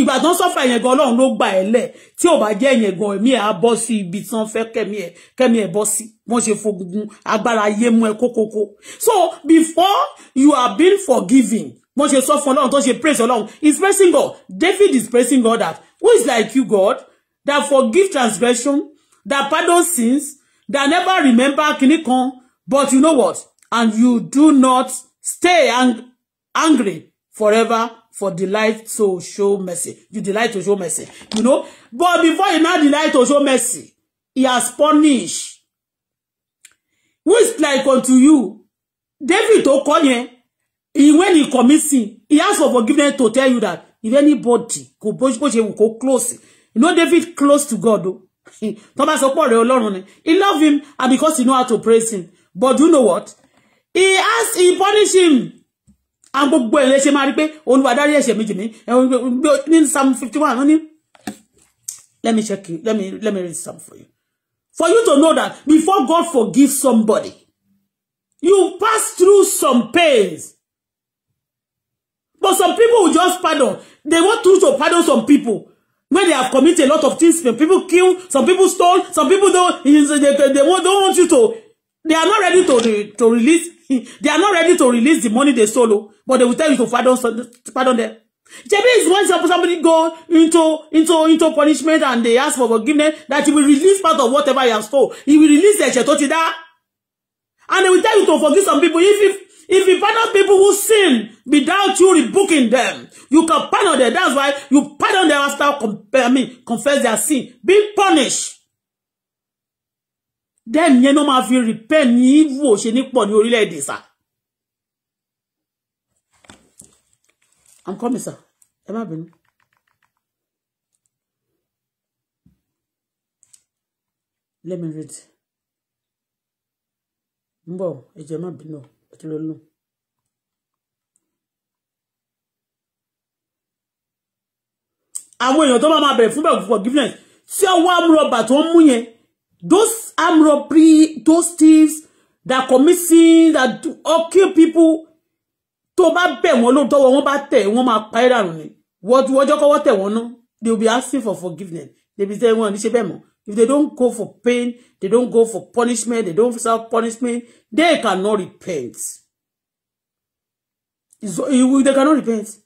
ìgbà tán sọ́fà yẹn gan ọlọ́run ló gbà ẹ́ lẹ̀ tí ò bá jẹ́ yẹn gan ẹ̀mí ẹ̀ á bọ́ sí ibi tí wọ́n fẹ́ kẹ́mi ẹ̀ kẹ́mi ẹ̀ sí wọ́n ṣe fogungun agbára ayé mú ẹ kókókó so before you are being forgiving, wọ́n ṣe sọ fún ọlọ́run tó ṣe praise ọlọ́run is praising God David is praising God that who is like you God that forgive transgression that pardon sins that never remember kinní kan but you know what and you do not stay ang angry forever for delight to show mercy. You delight to show mercy. You know? But before you now delight to show mercy, he has punished. Who is like unto you? David tó kọ he, when he commits sin, he ask for forgiveness to tell you that if anybody kò bó ṣe close. You know David close to God o. [laughs] Tó bá sọ pé ọ̀rẹ́ He love him and because he know how to praise him. But you know what? He ask, he punish him àwọn gbogbo ẹ̀rẹ́ ṣe máa rí pé olúwa dárí ẹ̀ṣẹ̀ mi jì mí ní psalm fifty one ní let me check you let me let me read psalm for you for you to know that before God forgive somebody you pass through some pains but some people will just pardon they want to to pardon some people when they have committed a lot of things people kill some people stole some people don't they, they, they don't want you to They are not ready to, to release. [laughs] They are not ready to release the money they stole, but they will tell you to pardon, to pardon them. JB is once somebody go into into into punishment and they ask for forgiveness that he will release part of whatever he has stole. He will release the chetotida. And they will tell you to forgive some people. If if if you pardon people who sin without you rebuking them, you can pardon them. That's why you pardon them after I mean, confess their sin. Be punished then ye no ma fi repair ní ìwò ṣe ni pọ̀ ní orílẹ̀-èdè sà. I'm coming sir ẹ má bin? Let me read. ń bọ̀ ẹ jẹ́ bin no. ẹ ti lọ lóun. àwọn èèyàn tó máa máa bẹ̀rẹ̀ fún bẹ̀rẹ̀ forgiveness tí ọwọ́ amúrọ̀bà tó ń mú yẹn Those armed robbery, those thieves that commit sin, that do, or kill people, to bá bẹ̀ wọ́n ló dọ́wọ́ wọ́n bá tẹ̀ wọ́n máa pa ẹ́ dànù ni. Wọ́jọ́ kọ́wọ́ tẹ̀ wọ́n náà. They will be asking for forgiveness. They be saying wọ́n ní ṣe bẹ́ẹ̀ mọ́. If they don't go for pain, they don't go for punishment, they don't serve punishment, they cannot repent. So, they cannot repent.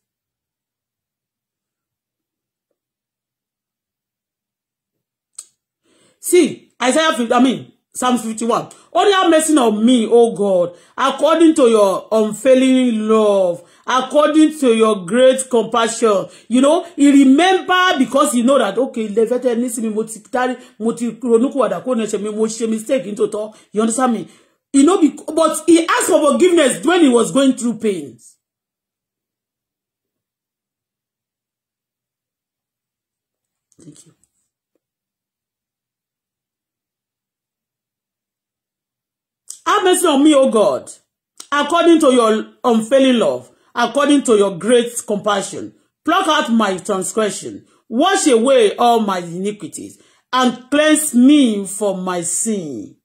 See, Isaiah 50, I mean, Psalm 51. Only have mercy on me, O God, according to your unfailing love, according to your great compassion. You know, he remember because he know that, okay, lẹ́fẹ̀tẹ̀ nísìnyí mo ti tari, mo ti mi, mo mistake ní tòótọ́. You understand me? You know, but he asked for forgiveness when he was going through pains. Thank you. Have mercy on me, O God, according to your unfailing love, according to your great compassion. Pluck out my transgression, wash away all my iniquities, and cleanse me from my sin.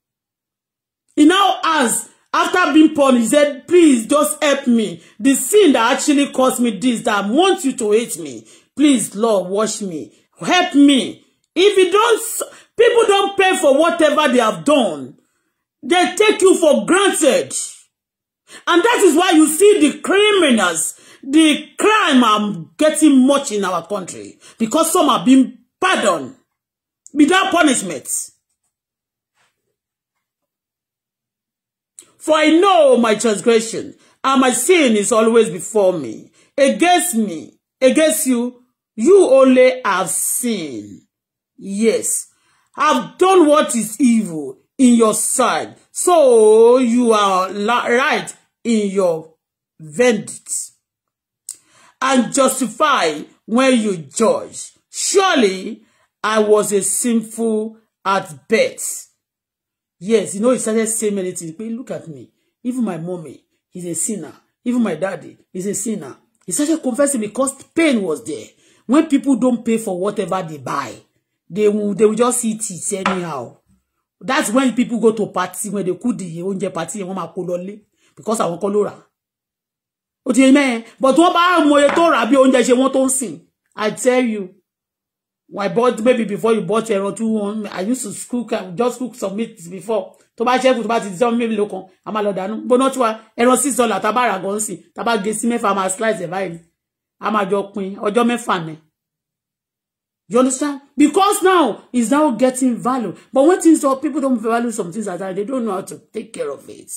He now asks, after being punished, he said, please just help me. The sin that actually caused me this, that wants you to hate me. Please, Lord, wash me. Help me. If you don't, people don't pay for whatever they have done. They take you for granted. And that is why you see the criminals, the crime are getting much in our country because some are being pardoned without punishment. For I know my transgression and my sin is always before me. Against me, against you, you only have sinned. Yes, I've done what is evil in your side. So you are right in your verdict and justify when you judge. Surely I was a sinful at best. Yes, you know, he started saying many things. But look at me. Even my mommy is a sinner. Even my daddy is a sinner. He started confessing because pain was there. When people don't pay for whatever they buy, they will, they will just eat it anyhow that's when people go to party when they cook the oúnjẹ party wọ́n máa kó lọlé because àwọn kọ́ ló rà ó ti mẹ́ẹ̀ but wọ́n bá mọye tó rà bí oúnjẹ ṣe wọ́n tó ń i tell you when i bought maybe before you bought ẹran two one i used to cook just cook some meat before To bá ṣẹ́kù to bá ti sọ́n mímu lókan a máa lọ dànù gbóná tí wa ẹran six dollar tá a bá rà gan sí tá a bá gé sí mẹ́fà a máa slice ẹ̀ báyìí a máa jọ pín ọjọ́ mẹ́fà ni You understand? Because now it's now getting value. But when things are people don't value some things like that, they don't know how to take care of it.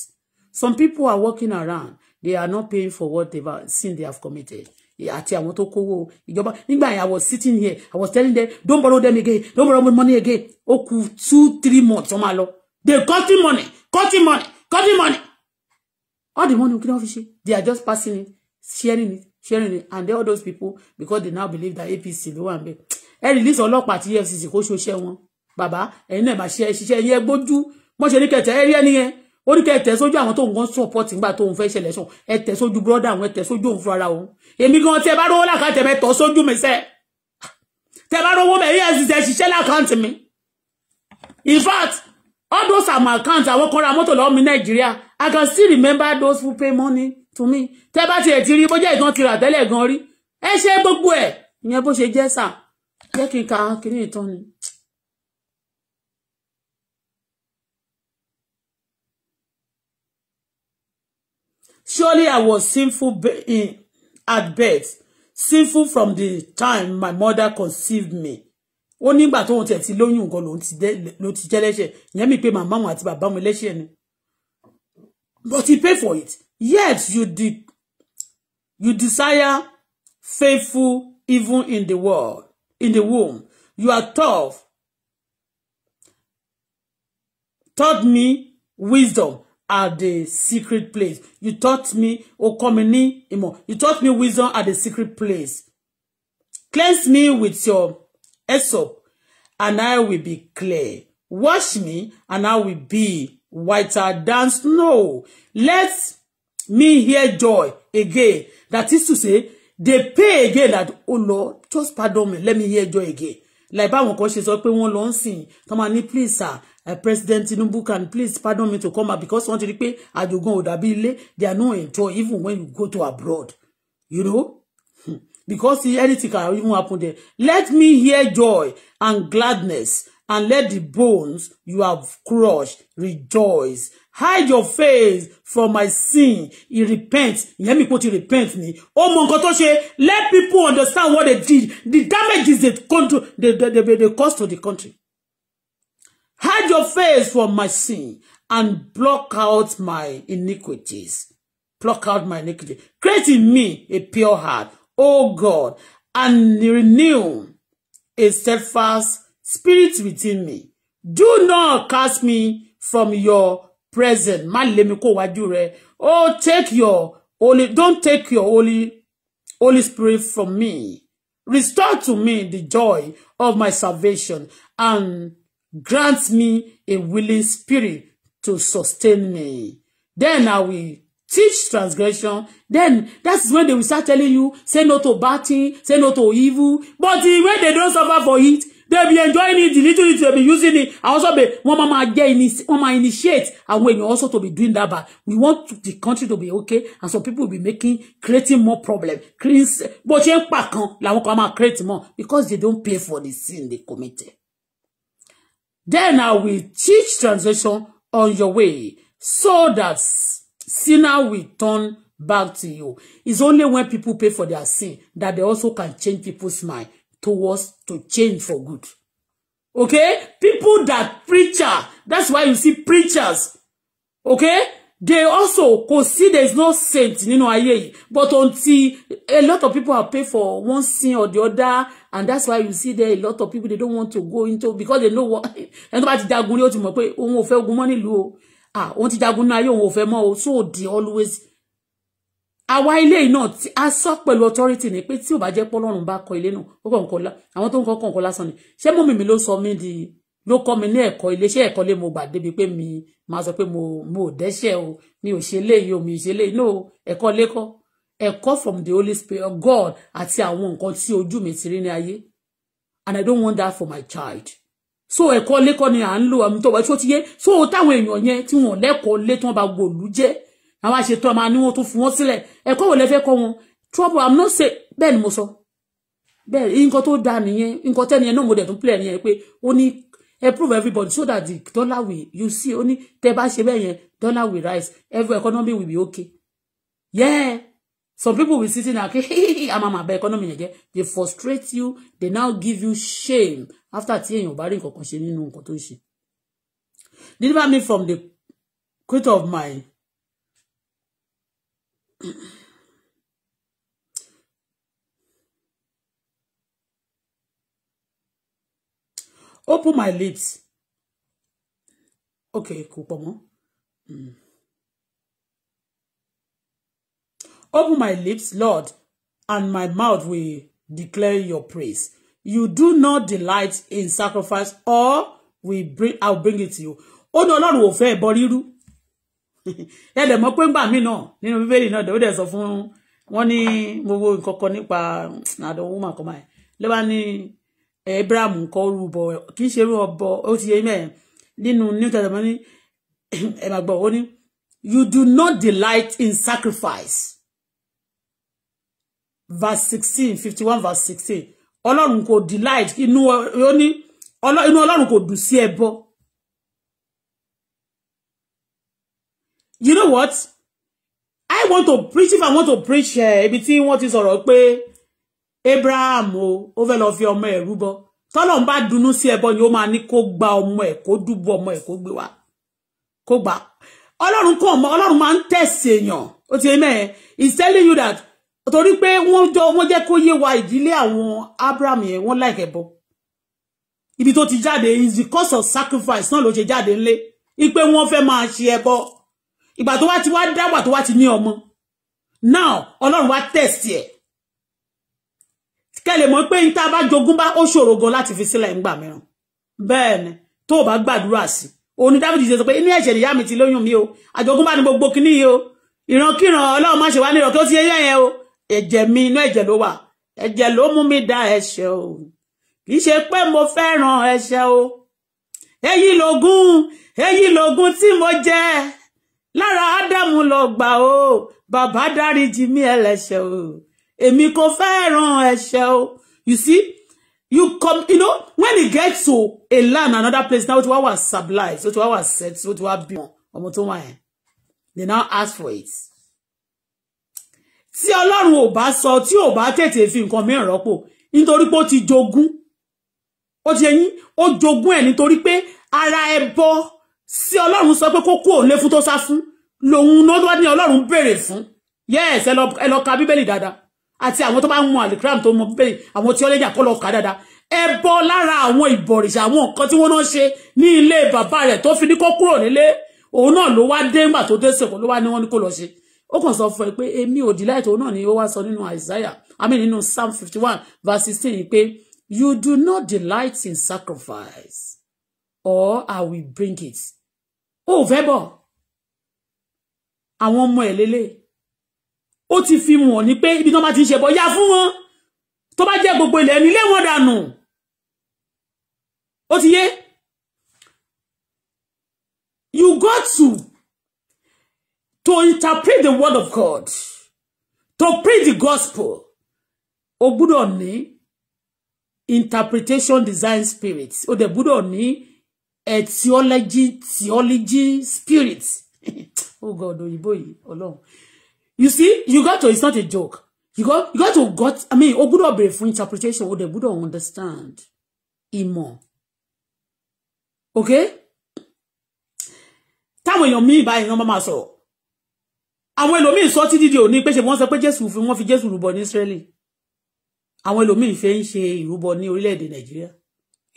Some people are walking around. They are not paying for whatever uh, sin they have committed. àti àwọn tó kówó ìjọba nígbà yẹn I was sitting here I was telling them don't borrow them again don't borrow me money again Oh, two three months oh my lord! They're cutting money cutting money cutting money all the money kí ni they are just passing it sharing it sharing it and all those people because they now believe that APC the one ẹ release ọlọ́pàá àti EFCC kó ṣoṣẹ́ wọn bàbá ẹ̀yin náà máa ṣe ṣiṣẹ́ yẹn gbójú wọ́n ṣe ní kẹtẹ ẹ rí ẹni yẹn ó ní kẹtẹ sójú àwọn tó ń gan support nígbà tó ń fẹ́ ṣẹlẹ̀ sùn ẹ tẹ sójú brọ́dà àwọn ẹ tẹ sójú òun fúnra òun èmi gan tí ẹ bá rówó lákàtẹ mẹ tọ sójú mi sẹ tẹ bá rówó mẹ EFCC ẹ ṣiṣẹ́ lákàntì mi in fact all those are my accounts àwọn kan ra mọ́tò lọ́wọ́ mi Nàìjíríà I can still remember those who pay money to me tẹ bá tiẹ̀ ti rí bó jẹ́ ìtàn ti rà tẹ́lẹ̀ gan rí ẹ ṣe gbogbo ẹ̀ ìyẹn bó ṣe jẹ́ sáà jẹ́ kí n ka kíní ìtàn ni. Surely I was sinful in, at birth, sinful from the time my mother conceived me. Ó nígbà tóun tẹ̀ ti lóyún nǹkan ló ti jẹ́ lẹ́ṣẹ̀. Ìyẹn mi pé màmá wọn àti bàbá wọn lẹ́ṣẹ̀ ni. But he paid for it. Yet you, de you desire faithful even in the world in the womb. You are tough. Taught me wisdom at the secret place. You taught me, O komini imo. You taught me wisdom at the secret place. Cleanse me with your hyssop, and I will be clear. Wash me, and I will be whiter than snow. Let me hear joy again. That is to say, they pay again that oh lord just pardon me let me hear joy again like báwọn kan ṣe sọ pé wọ́n lọ ń sìn tán máa ní please sir uh, president tinubu can please pardon me to come back because wọ́n ti rí pé àjogún ò dàbí ilé they are no enjoy even when you go to abroad you know [laughs] because anything can even happen there let me hear joy and gladness and let the bones you have crushed rejoice hide your face from my sin he repent ìyẹn mi kò ti repent ni ó mọ nǹkan tó ṣe let people understand what they did the damage is the country the the the, the cost to the country hide your face from my sin and block out my iniquities pluck out my iniquities. create in me a pure heart O God and renew a steadfast spirit within me do not cast me from your present má lé mi kó wájú rẹ oh take your holy don't take your holy holy spirit from me restore to me the joy of my salvation and grant me a willing spirit to sustain me then I will teach transgression then that's when they will start telling you say no to bad thing say no to evil but when they don't suffer for it they be enjoying it the little it they be using it I also be one máa máa jẹ́ wọ́n máa initiate when you also to be doing that but we want the country to be okay and so people be making creating more problem But you ń pa kan làwọn kan máa create more because they don't pay for the sin they committed then I will teach translation on your way so that sinner will turn back to you. It's only when people pay for their sin that they also can change people's mind towards to change for good. Okay? People that preacher, that's why you see preachers. Okay? They also could see there's no saint nínú ayé yìí. But until a lot of people are paid for one sin or the other, and that's why you see there a lot of people they don't want to go into because they know what [laughs] ẹni tó bá ti jagun ni ó ti mọ̀ pé òun ò fẹ́ ogun Ah, òun ti jagun ní ayé òun ò fẹ́ have more. So they always àwa ilé yìí náà tí a sọ pẹ̀lú authority ni pé tí ò bá jẹ́ pọ́lọ́run bá kọ́ ilé náà ó kàn kọ́ la àwọn tó ń kọ́ kàn kọ́ lásán ni ṣé mọ́mì mi ló sọ mí di ló kọ́ mi ní ẹ̀kọ́ ilé ṣé ẹ̀kọ́ lé mo gbà débi pé mi máa sọ pé mo mo ò dẹ́ṣẹ̀ o mi ò ṣe léyìí o mi ò ṣe léyìí no ẹ̀kọ́ lẹ́kọ́ ẹ̀kọ́ from the Holy Spirit of God àti àwọn nǹkan tí ojú mi ti rí ní ayé and I don't want that for my child so ẹ̀kọ́ lẹ́kọ́ ni à ń lò àmì tó wá tí ó ti yé so táwọn èèyàn yẹn tí wọ́n lẹ́kọ̀ọ́ lé tí wọ́n bá gbòòlù jẹ́ àwọn àṣetọ máa ní wọn tó fún wọn sílẹ̀ ẹ̀kọ́ wo lẹ fẹ́ kọ́ wọn trouble i'm not say bẹ́ẹ̀ ni mo sọ bẹ́ẹ̀ nǹkan tó dáa nìyẹn nǹkan tẹ́ni ẹ̀ náà mo dẹ̀ tún play nìyẹn pé ó approve everybody so that the dollar will you see ó ní tẹ́ bá ṣe dollar will rise every economy will be okay yeah some people will sit in and say hey amama bẹ economy yẹn they frustrate you they now give you shame after tí èèyàn bá rí nǹkan kan ṣe nínú nǹkan tó ń deliver me from the quit of my [clears throat] Open my lips. Okay, kò Mm. Open my lips, Lord, and my mouth will declare your praise. You do not delight in sacrifice, or we bring, I'll bring it to you. Ó ní Ọlọ́run ò fẹ́ ẹbọ rírú ẹ dẹ̀ pé ń gbà mí náà nínú bíbélì náà ó sọ fún wọn ní gbogbo nǹkan nípa àdán woman kan báyìí ló bá ní abraham kọ́ rúbọ kì í ṣe irú ọbọ ó ti yé mẹ́ẹ̀ nínú new testament ní ẹ máa ó ní you do not delight in sacrifice verse sixteen fifty one verse sixteen ọlọ́run kò delight inú ọlọ́run kò dùn sí ẹbọ. you know what i want to preach if i want to preach eh, ibi tí wọ́n ti sọ̀rọ̀ pé abraham o ó fẹ́ lọ fi ọmọ ẹ̀ rúbọ tọ́lọ́run bá dunú sí ẹbọ ni ó máa ní kó gba ọmọ ẹ̀ kó dúbú ọmọ ẹ̀ kó gbé wá kó gbà ọlọ́run kọ́ ọmọ ọlọ́run máa ń tẹ̀sí èèyàn ti mẹ́ is telling you that torí pé wọ́n jọ wọ́n jẹ́ kó yé wa ìdílé àwọn abraham yẹn wọ́n láì ẹbọ ibi tó ti jáde is the cause of sacrifice náà ló ṣe jáde ńlé ipe wọ́n fẹ́ máa ṣe ẹbọ Iba to wá ti wá dáwà to wá ti ní ọmọ now ọlọ́run wá test ye? kẹlẹ̀ mọ̀ pé níta bá jogún bá ó ṣòro gan láti fi sílẹ̀ ńgbà mìíràn bẹ́ẹ̀ ni tó o bá gbàdúrà sí òun ni dábìdì ṣe sọ pé inú ẹ̀ṣẹ̀ ìyá mi ti lóyún mi o àjogún bá ní gbogbo kínní yìí o ìrankíran ọlọ́run má ṣe wá ní ìrọ̀kẹ́ ó ti yẹ́yẹ́ yẹn o ẹ̀jẹ̀ mi inú ẹ̀jẹ̀ ló wà ẹ̀jẹ̀ ló mú mi da ẹ̀ṣẹ̀ o kì í ṣe mo fẹ́ràn ẹ̀ṣẹ̀ o èyí lògùn èyí lògùn tí mo jẹ́ lára ádámù lọ gbà o bàbá dáríjì mí ẹlẹ́ṣẹ̀ o èmi kò fẹ́ràn ẹ̀ṣẹ̀ o you see you come you know when e get to a land another place now ó ti wá wà stabilize ó ti wá wà set ó ti wá bímọ ọmọ tó wà yẹn they now ask for it tí ọlọ́run ò bá sọ tí ò bá tètè fi nǹkan mìíràn rọ́pò nítorí pé ó ti jogún ó ti ẹyin ó jogún ẹ̀ nítorí pé ara ẹbọ sí ọlọ́run sọ pé kó kú òun lé fún tó sá fún lòun ló wá ní ọlọ́run béèrè fún yes ẹ lọ ka bíbélì dáadáa àti àwọn tó bá ń to àlìkíram tó mu bíbélì àwọn tí ó lẹ́yìn àkọlọ kà dáadáa ẹ bọ́ lára àwọn ìbọ̀rìṣà àwọn nǹkan tí wọ́n náà ṣe ní ilé bàbá rẹ̀ to fi ní kó kúrò nílé òun náà ló wá dé ńgbà tó dé sèkó ló wá ní wọ́n ní kó lọ ṣe ó kàn sọ fún ẹ pé èmi ò dìláì tó náà ni ó wá sọ nínú Isaiah àmì nínú Psalm 51, verse sixteen pé you do not delight in sacrifice or I will bring it ó fẹ́ bọ̀ àwọn ọmọ ẹ̀ lélẹ̀ ó ti fi mọ̀ ní pé ibi tán bá ti ń ṣẹbọ yá fún wọn tó bá jẹ́ gbogbo ilẹ̀ nílé wọn dànù ó ti yé you got to to interpret the word of God to preach the gospel o gbúdọ̀ ní interpretation design spirit o dẹ̀ gbúdọ̀ ní a theology theology spirit [laughs] oh god òyìnbó yìí Ọlọ́run you see you got to it's not a joke you got you got to got i mean o gbọ́dọ̀ béèrè fún interpretation o they wouldn't understand ìmọ̀ okay táwọn èèyàn míì báyìí wọ́n máa sọ̀rọ̀ àwọn ẹlòmíì sọ títí di òní pé ṣe wọ́n sọ pé jésù fi wọ́n fi jésù rúbọ ní israeli àwọn ẹlòmíì fẹ́ ń ṣe ìrúbọ ní orílẹ̀-èdè nàìjíríà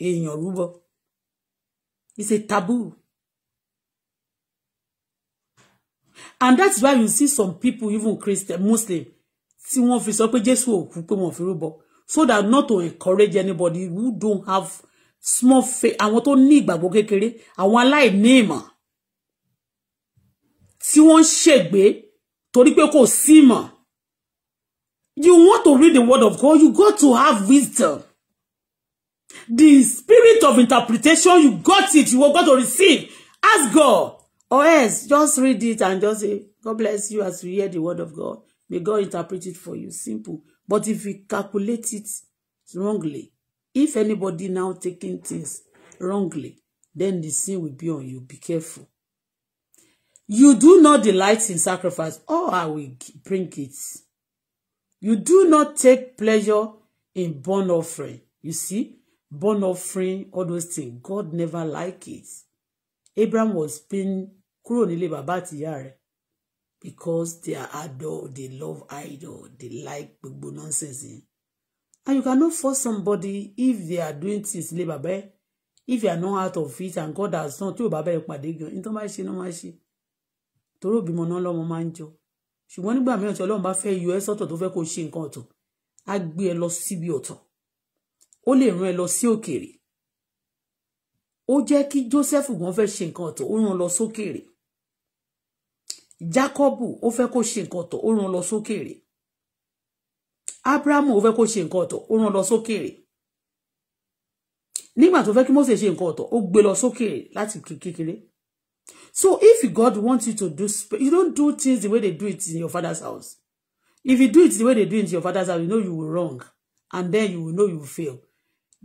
èèyàn rúbọ It's a taboo. And that's why you see some people, even Christian, Muslim, tí one fi sọ pé Jésù ò kú pé So that not to encourage anybody who don't have small faith, àwọn tó ní ìgbàgbọ́ kékeré, and aláìní ìmọ̀, name wọ́n ń ṣègbé torí pé kò sí sima. You want to read the word of God, you got to have wisdom the spirit of interpretation you got it you were going to receive ask God or else just read it and just say God bless you as you hear the word of God may God interpret it for you simple but if you calculate it wrongly if anybody now taking things wrongly then the sin will be on you be careful you do not delight in sacrifice or oh, I will bring it you do not take pleasure in burnt offering you see burnt offering, all those things. God never like it. Abraham was paying kúrò nílé bàbá àtìyá rẹ̀ because they are idol, they love idol, they like gbogbo nonsense And you cannot force somebody if they are doing things nílé bàbá if you are not out of it and God has not tí baba bàbá ẹ̀ pàdé gan ní tó máa ṣe náà máa ṣe torí òbí mọ̀ náà lọ́mọ máa ń jọ ṣùgbọ́n nígbà mìíràn tí Ọlọ́run bá fẹ́ yọ ẹ́ sọ́tọ̀ tó ó lè rán ẹ lọ sí òkèèrè ó jẹ́ kí Joseph gan fẹ́ ṣe nǹkan ọ̀tọ̀ ó rán lọ sókèèrè Jákọ́bù ó fẹ́ kó ṣe nǹkan ọ̀tọ̀ ó rán lọ sókèèrè Ábúráhámù ó fẹ́ kó ṣe nǹkan ọ̀tọ̀ ó rán lọ sókèèrè nígbà tó fẹ́ kí Mósè ṣe nǹkan ọ̀tọ̀ ó gbé lọ sókèèrè láti kékeré so if God wants you to do you don't do things the way they do it in your father's house if you do it the way they do it in your father's house you know you will wrong and then you will know you will fail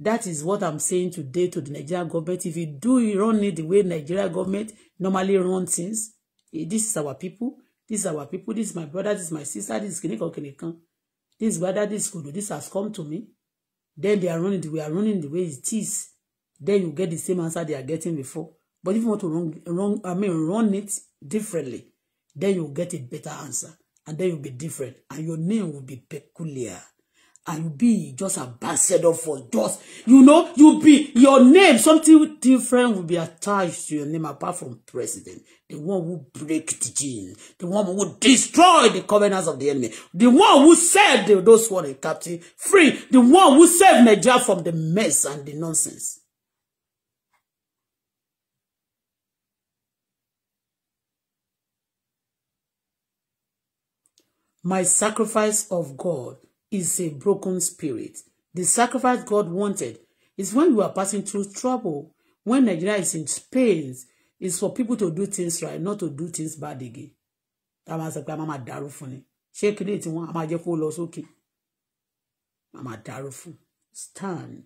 That is what I'm saying today to the Nigerian government. If you do run it the way Nigeria government normally run things, eh, this is our people, this is our people, this is my brother, this is my sister, this is Kiniko Kinikan, this brother, this Kudu, this has come to me. Then they are running the way, are running the way it is. Then you get the same answer they are getting before. But if you want to run, run I mean, run it differently, then you get a better answer. And then you'll be different. And your name will be peculiar and be just ambassador for just you know you be your name something different will be attached to your name apart from president the one who break the gene the one who destroy the covenants of the enemy the one who set those who are captive free the one who saved Nigeria from the mess and the nonsense my sacrifice of God is a broken spirit. The sacrifice God wanted is when you are passing through trouble, when Nigeria is in pain, is for people to do things right, not to do things bad again. That a máa sọ pé a máa dàrú fún ni. Ṣé kílé tí a máa jẹ́ kó lọ sókè? Stand.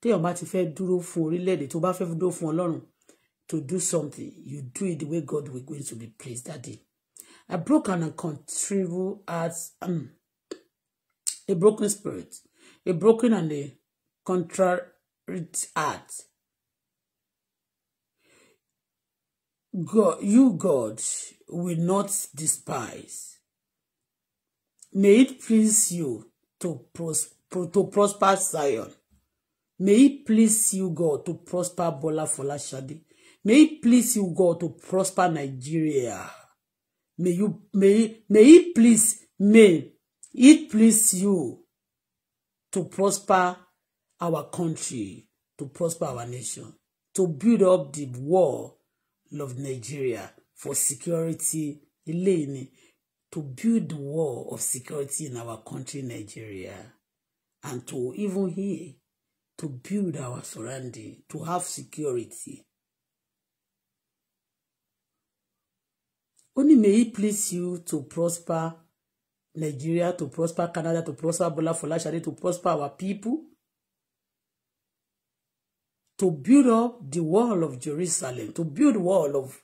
Tell your ti fẹ́ dúró for orílẹ̀-èdè tó bá fẹ́ dúró fún to do something, you do it the way God will going to be pleased that day. A broken and contrived heart. Um, a broken spirit, a broken and a contrite heart. God, you, God, will not despise. May it please you to, pros to prosper Zion. May it please you, God, to prosper Bola Folashade. May it please you, God, to prosper Nigeria. May you may may it please may It please you to prosper our country, to prosper our nation, to build up the war of Nigeria for security. to build the war of security in our country, Nigeria, and to even here, to build our surrounding, to have security. Only may it please you to prosper Nigeria to prosper, Canada to prosper, Bola Folashade to prosper our people, to build up the wall of Jerusalem, to build wall of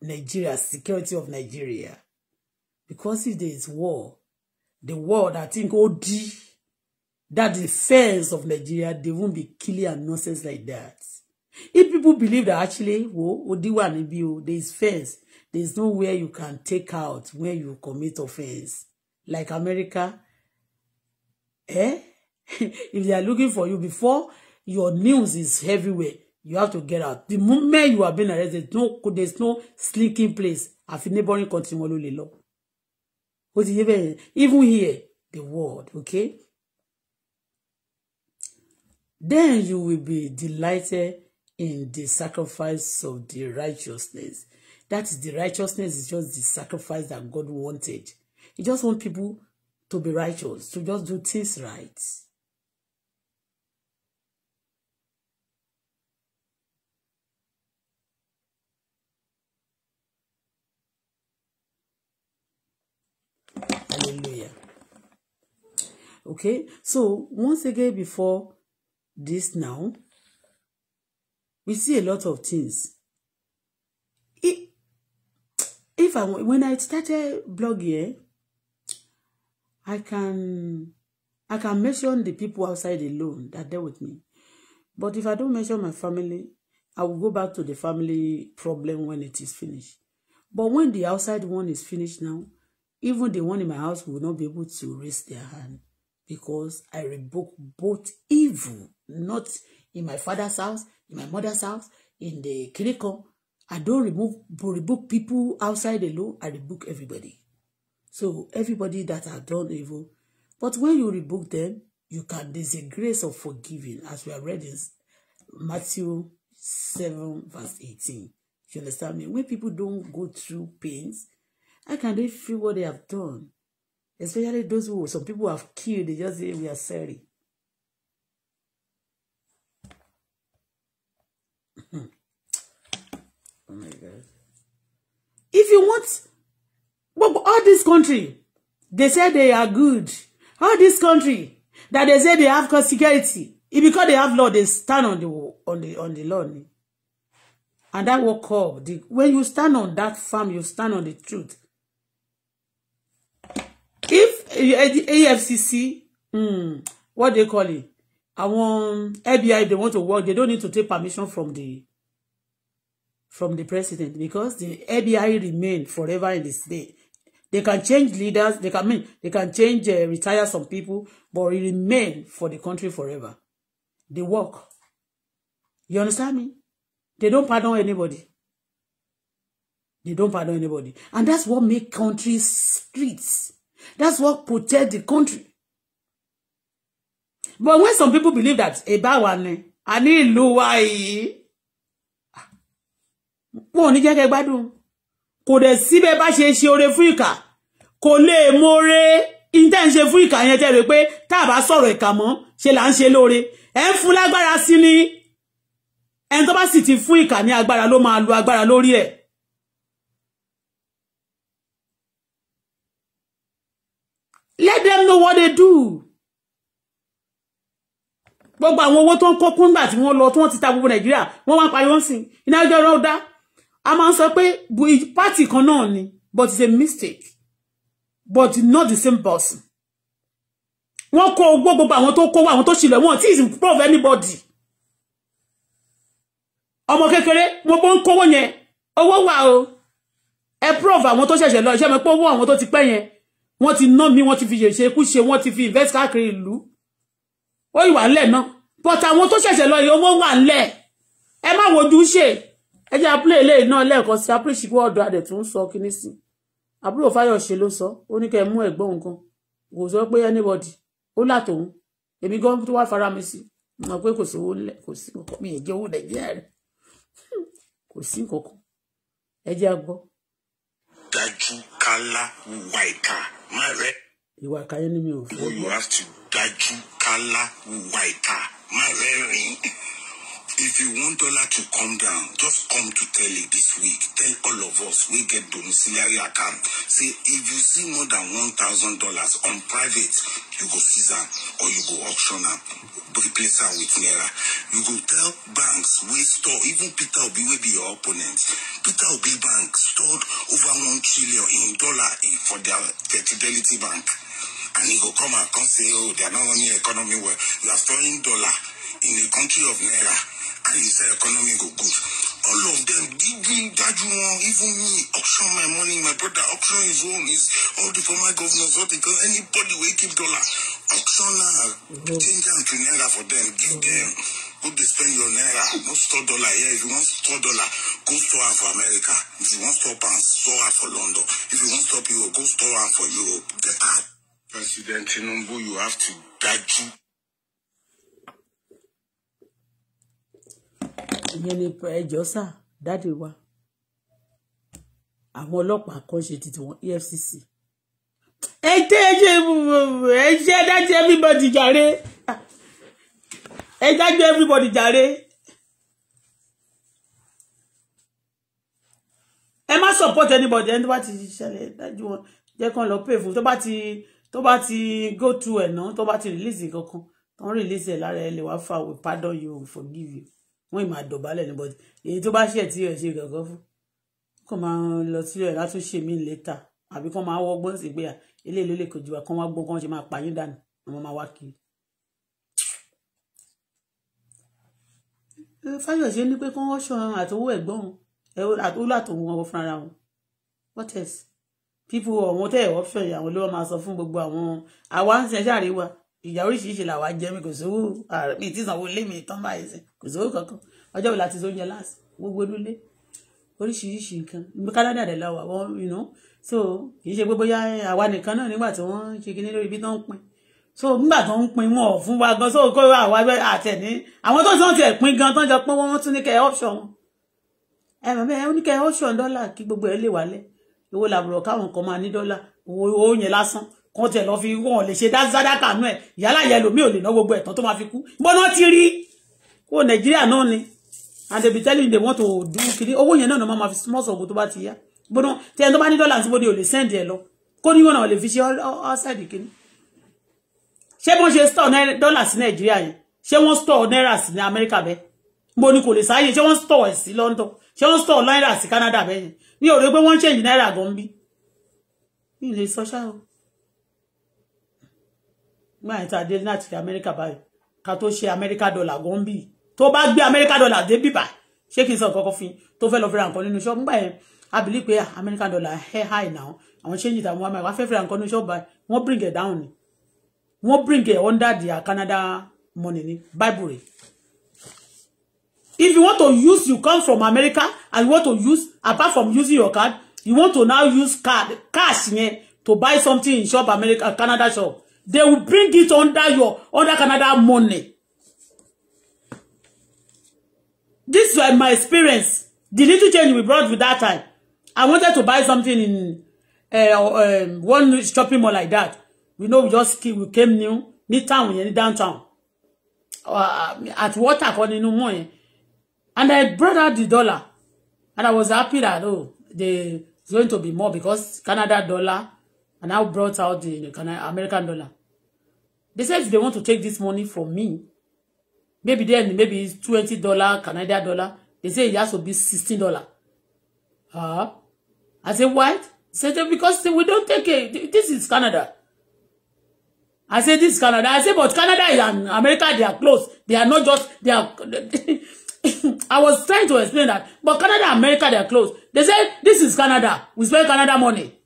Nigeria, security of Nigeria. Because if there is war, the world, I think, OD, that the fans of Nigeria, they won't be killing and nonsense like that. If people believe that actually, oh, OD one, there is fence, there is nowhere you can take out where you commit offense like America. Eh? [laughs] if they are looking for you before, your news is everywhere. You have to get out. The moment you are being arrested, no, there's no sneaking place. Àfi neighboring country wọn ló lè lọ. Ó ti even here, the world, okay? Then you will be delighted in the sacrifice of the righteousness. That is the righteousness is just the sacrifice that God wanted. He just want people to be righteous, to just do things right. Hallelujah. Okay, so once again before this now, we see a lot of things. if I when I started blogging, I can I can mention the people outside alone that dealt with me. But if I don't mention my family, I will go back to the family problem when it is finished. But when the outside one is finished now, even the one in my house will not be able to raise their hand because I rebuke both evil, not in my father's house, in my mother's house, in the clinic. I don't remove rebuke people outside the law, I rebuke everybody. So everybody that have done evil, but when you rebuke them, you can. There's a grace of forgiving, as we are reading, Matthew 7, verse 18. You understand me? When people don't go through pains, how can they feel what they have done? Especially those who some people have killed, they just say we are sorry. Hmm. oh my God. If you want But all this country, they say they are good. All this country that they say they have security, it because they have law, they stand on the on the on the law. And that will call the when you stand on that farm, you stand on the truth. If the eh, AFCC, mm, what they call it, I want FBI, if they want to work, they don't need to take permission from the from the president because the FBI remain forever in the state They can change leaders. They can mean they can change uh, retire some people, but it remain for the country forever. They work. You understand me? They don't pardon anybody. They don't pardon anybody, and that's what make country streets. That's what protect the country. But when some people believe that ẹ̀bá eh, wa ni a ní ìlú wa yìí, ah. wọn ò ní jẹ́ kò dẹ̀ síbẹ̀ bá ṣe ṣe oore fún ìkà kò lè mọ̀re ìtẹ́ fún ìkà yẹn tẹ́ rè pé tá a bá sọ̀rọ̀ ìkà mọ́ ṣe là ń ṣe lóore ẹ̀ ń fún lágbára sí ni ẹni tó bá sì ti fún ìkà ní agbára ló máa lo agbára lórí ẹ̀. Let them know what they do. Gbogbo àwọn owó tó ń kó kúńgbà tí wọ́n lọ tí wọ́n ti ta gbogbo Nàìjíríà, wọ́n wá ń parí wọ́n sìn. Iná ọjọ́ ọ̀rọ̀ dá a máa ń sọ party kan náà ni but it's a mistake but not the same person wọ́n kó ogbó gbogbo àwọn tó kó àwọn tó ṣìlẹ̀ wọn tí is prove anybody ọmọ kékeré wọn bó ń kówó yẹn owó wà o ẹ prove àwọn tó ṣẹ̀ṣẹ̀ lọ iṣẹ́ mi pé owó àwọn tó ti pẹ́ yẹn wọ́n ti ná mi wọ́n ti fi ṣèṣe kú ṣe wọ́n ti fi invest káàkiri ìlú ó ìwà ńlẹ̀ náà but àwọn tó ṣẹ̀ṣẹ̀ lọ yìí owó wà ńlẹ̀ ẹ má wojú ṣe ẹ jẹ́ àpúlẹ̀ ilé náà lẹ́ẹ̀kan sí àpúlẹ̀ ìṣìkú ọ̀dọ̀ adẹ̀ tó ń sọ kínní sí àbúrò fáyọ̀ṣe ló sọ ó ní kẹ́ ẹ mú ẹ̀gbọ́n nǹkan kò sọ pé anybody ó látòun èmi gan tó wá fara mi sí mo pé kò sí owó nílẹ̀ kò sí nǹkan mi èjì owó nàìjíríà rẹ kò sí nǹkan kan ẹ jẹ́ àgbọ́. dájú kálá wà ìkà má rẹ. ìwà ìkà yẹn ni mi ò fẹ́. you have to dájú kálá wà ìkà má rẹ rìn. If you want dollar to come down, just come to tell it this week. Tell all of us we get domiciliary account. Say if you see more than one thousand dollars on private, you go seize or you go auction am, replace her with naira. You go tell banks we store even Peter Obi will be your opponent. Peter Obi bank stored over one trillion in dollar in for their, their Fidelity bank. and he go come and come say, oh, they are not running economy well. You are storing dollar in the country of naira and he economy go good all of them giving dájú wọn even me auction my money my brother auction his own is all the former governors all the governors anybody wey keep dollar auction na mhm. change them to naira for them give mhm. them go dey spend your naira no store dollar here if you want store dollar go store for america if you want store pound store for london if you want store euro go store am for europe. president tinubu you have to dájú. ìyẹn ni ẹjọ́ sà dáàdì wa àwọn ọlọ́pàá kan ṣe títí wọn EFCC ẹ tẹ ẹ ṣe ẹ ṣe ẹ dájú everybody jàre ẹ dájú everybody jàre ẹ má support anybody ẹni tó bá ti ṣẹlẹ̀ dájú wọn jẹ́ kán lọ pay fún tó bá ti tó bá ti go through ẹ̀ náà tó bá ti release kankan tó ń release ẹ̀ lára ẹ lè wá fà we pardon you and forgive you wọ́n ì máa dọ̀bálẹ̀ ní bọ́dí èyí tó bá ṣe tí ẹ̀ ṣe gàngán fún kò máa lọ sílẹ̀ látún ṣe mí létà àbí kò máa wọ́gbọ́n sí pé eléyìí ló lè kojú wa kò wá gbọ́n kàn ṣe máa pààyàn dànù àwọn máa wá kiri. fáyọ̀ṣe ní pé kí wọ́n ṣan àtọwọ́ ẹ̀gbọ́n àtọwọ́ àtọwọ́ wọn fúnra wọn what else people ọ̀wọ́n tẹ̀ option yìí àwọn ló wọ́n máa sọ fún gbogbo àwọn àwa ń ṣe ṣáàrí wa ìyà oríṣiríṣi làwa jẹ mi kò sówó mi ti sanwó lé mi tán báyìí sí kò sówó kankan ọjọ́ wo láti sóúnjẹ láti gbogbo dúlé oríṣiríṣi nǹkan ní Canada dẹ̀ la wà wọ́n you know so kì í ṣe pé bóyá àwa nìkan náà nígbà tí wọ́n ṣe kinní lórí ibi tó ń pin so nígbà tó ń pin wọn ò fún wa gan so kó àwa àtẹ̀ní àwọn tó ń sàn tiẹ̀ pin gan tó ń jọ pọ́n wọ́n tún ní kẹ́ option wọn ẹ mọ̀ bẹ́ẹ̀ ó ní kẹ́ option dọ́là kí gbogbo ẹ lè wálẹ̀ owó làbùrọ̀ káwọn kan máa ní dọ́là owó yẹn lásán kan tiẹ̀ lọ fi wọ́n lè ṣe dáadáa nú ẹ̀ ìyálà ìyá ẹlòmíì ò lè ná gbogbo ẹ̀tàn tó máa fi kú gbọ́nà ti rí kó nàìjíríà náà ni and they be telling you they want to do kiri owó yẹn náà ni wọ́n máa fi small sọ̀gbọ́n tó bá ti yá gbọ́nà tí ẹni tó bá ní dọ́là àti bóde ò lè send ẹ̀ lọ kó ní wọn lè fi ṣe outside kiri ṣé wọ́n ṣe store dọ́là sí nàìjíríà yẹn ṣé wọ́n store náírà sí ní America. bẹ́ẹ̀ mo ní kò lè sáyè ṣé wọ́n store ẹ̀ sí london ṣé wọ́n store náírà sí canada bẹ́ẹ̀ yẹn mi ò rí pé wọ́n change náírà gan bí mi ò lè nígbà yẹn tá a dé láti amẹ́ríkà báyìí ká tó ṣe amẹ́ríkà dọ́là gan bì tó bá gbé amẹ́ríkà dọ́là dé bìbà ṣé kí n sọ kọ́kọ́ fi tó fẹ́ lọ fẹ́ ra nǹkan nínú ṣọ́ọ̀bù yẹn a believe pé ah, amẹ́ríkà dọ́là hair high now àwọn ṣéǹjì tàwọn wà máa wá fẹ́ fẹ́ ra nǹkan nínú ṣọ́ọ̀bù báyìí wọ́n bring it down ni wọ́n bring it under their Canada money ni bible if you want to use you come from America and you want to use apart from using your card you want to now use card cash yẹn to buy something in shop America Canada shop They will bring it under your under Canada money. This was my experience. The little change we brought with that time. I wanted to buy something in uh, um, one shopping mall like that. We know we just we came new midtown in downtown uh, at water kan nínú mọ yẹn and I brought out the dollar and I was happy that oh they going to be more because Canada dollar and now brought out the American dollar. They said they want to take this money from me. Maybe then, maybe it's twenty dollar, Canadian dollar. They say it has to be sixteen dollar. Huh? Ah. I said what? Said because we don't take it. This is Canada. I said this is Canada. I said but Canada and America they are close. They are not just they are. [laughs] I was trying to explain that, but Canada and America they are close. They said this is Canada. We spend Canada money.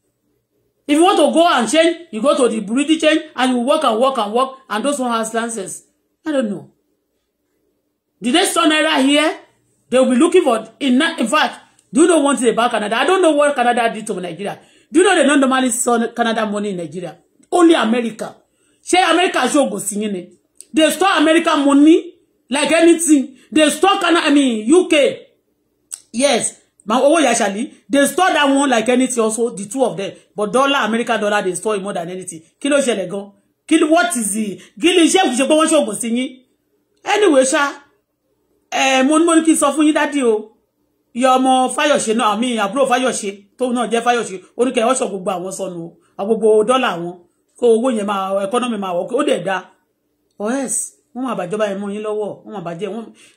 If you want to go and change, you go to the Burundi change and you walk and walk and walk, and those one has lances. I don't know. The next one era here, they will be looking for, in, in fact, do you know one thing about Canada? I don't know what Canada did to Nigeria. Do you know they don't normally sell Canada money in Nigeria? Only America. Share America show go singing it. They store American money like anything. They store Canada, I mean, UK. Yes my owo yashali they store that one like anything also the two of them but dollar American dollar they store it more than anything kí ló ṣẹlẹ̀ kilo what is it kí ló iṣẹ́ ìṣe pé wọ́n go sí yín anyway ṣá ẹ mo ní mo ní kí n sọ fún fire dádì o ìyá ọmọ Fáyọ̀ṣe fire àmì àbúrò Fáyọ̀ṣe tó náà jẹ́ Fáyọ̀ṣe oníkẹ́ ọ̀ṣọ́ gbogbo àwọn sọnù o gbogbo dọ́là wọn kó owó yẹn máa ẹkọ́nọ́mì máa wọ̀ ó dẹ̀ da or else wọ́n máa bàjọba yẹn mú yín lọ́wọ́ wọ́n máa bàjẹ́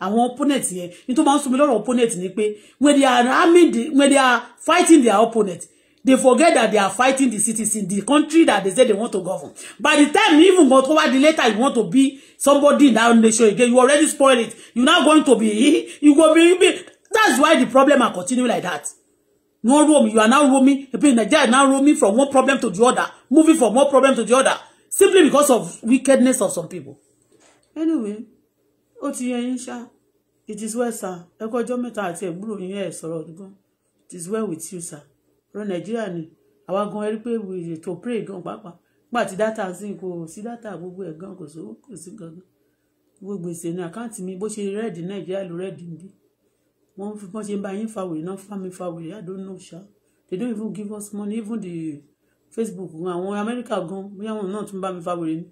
àwọn opponent yẹn ní tó máa ń sunmi lọ́rọ̀ opponent ni pé when they are arming when they are fighting their opponent they forget that they are fighting the citizens the country that they say they want to govern by the time you even go toward the later you want to be somebody in that nation again you already spoil it you now going to be you go be, be that's why the problem are continue like that no roam you are now roaming in Nigeria now roaming from one problem to the other moving from one problem to the other simply because of wickedness of some people anyway ó ti yẹ yín ṣá it is well sir ẹ kọ́ ọjọ́ mẹ́ta àti ẹ̀gbúrò yín ẹ̀ sọ̀rọ̀ gan it is well with you sir ọ̀rọ̀ nàìjíríà ni àwa gan ẹ rí pé we dey to pray gan pàápàá nígbà tí dátà sí kò sí dátà gbogbo ẹ̀ gan kò sówó kò sí gangan gbogbo gbèsè ní àkáǹtì mi bó ṣe rẹ́ẹ̀dì nàìjíríà ló rẹ́ẹ̀dì mi wọ́n fi wọ́n ṣe ń bá yín fa wèrè náà fá mi fa wèrè I don't know ṣá they don't even give us money even the Facebook àwọn Amẹ́ríkà gan bí àwọn náà tún bá mi fa wèrè ni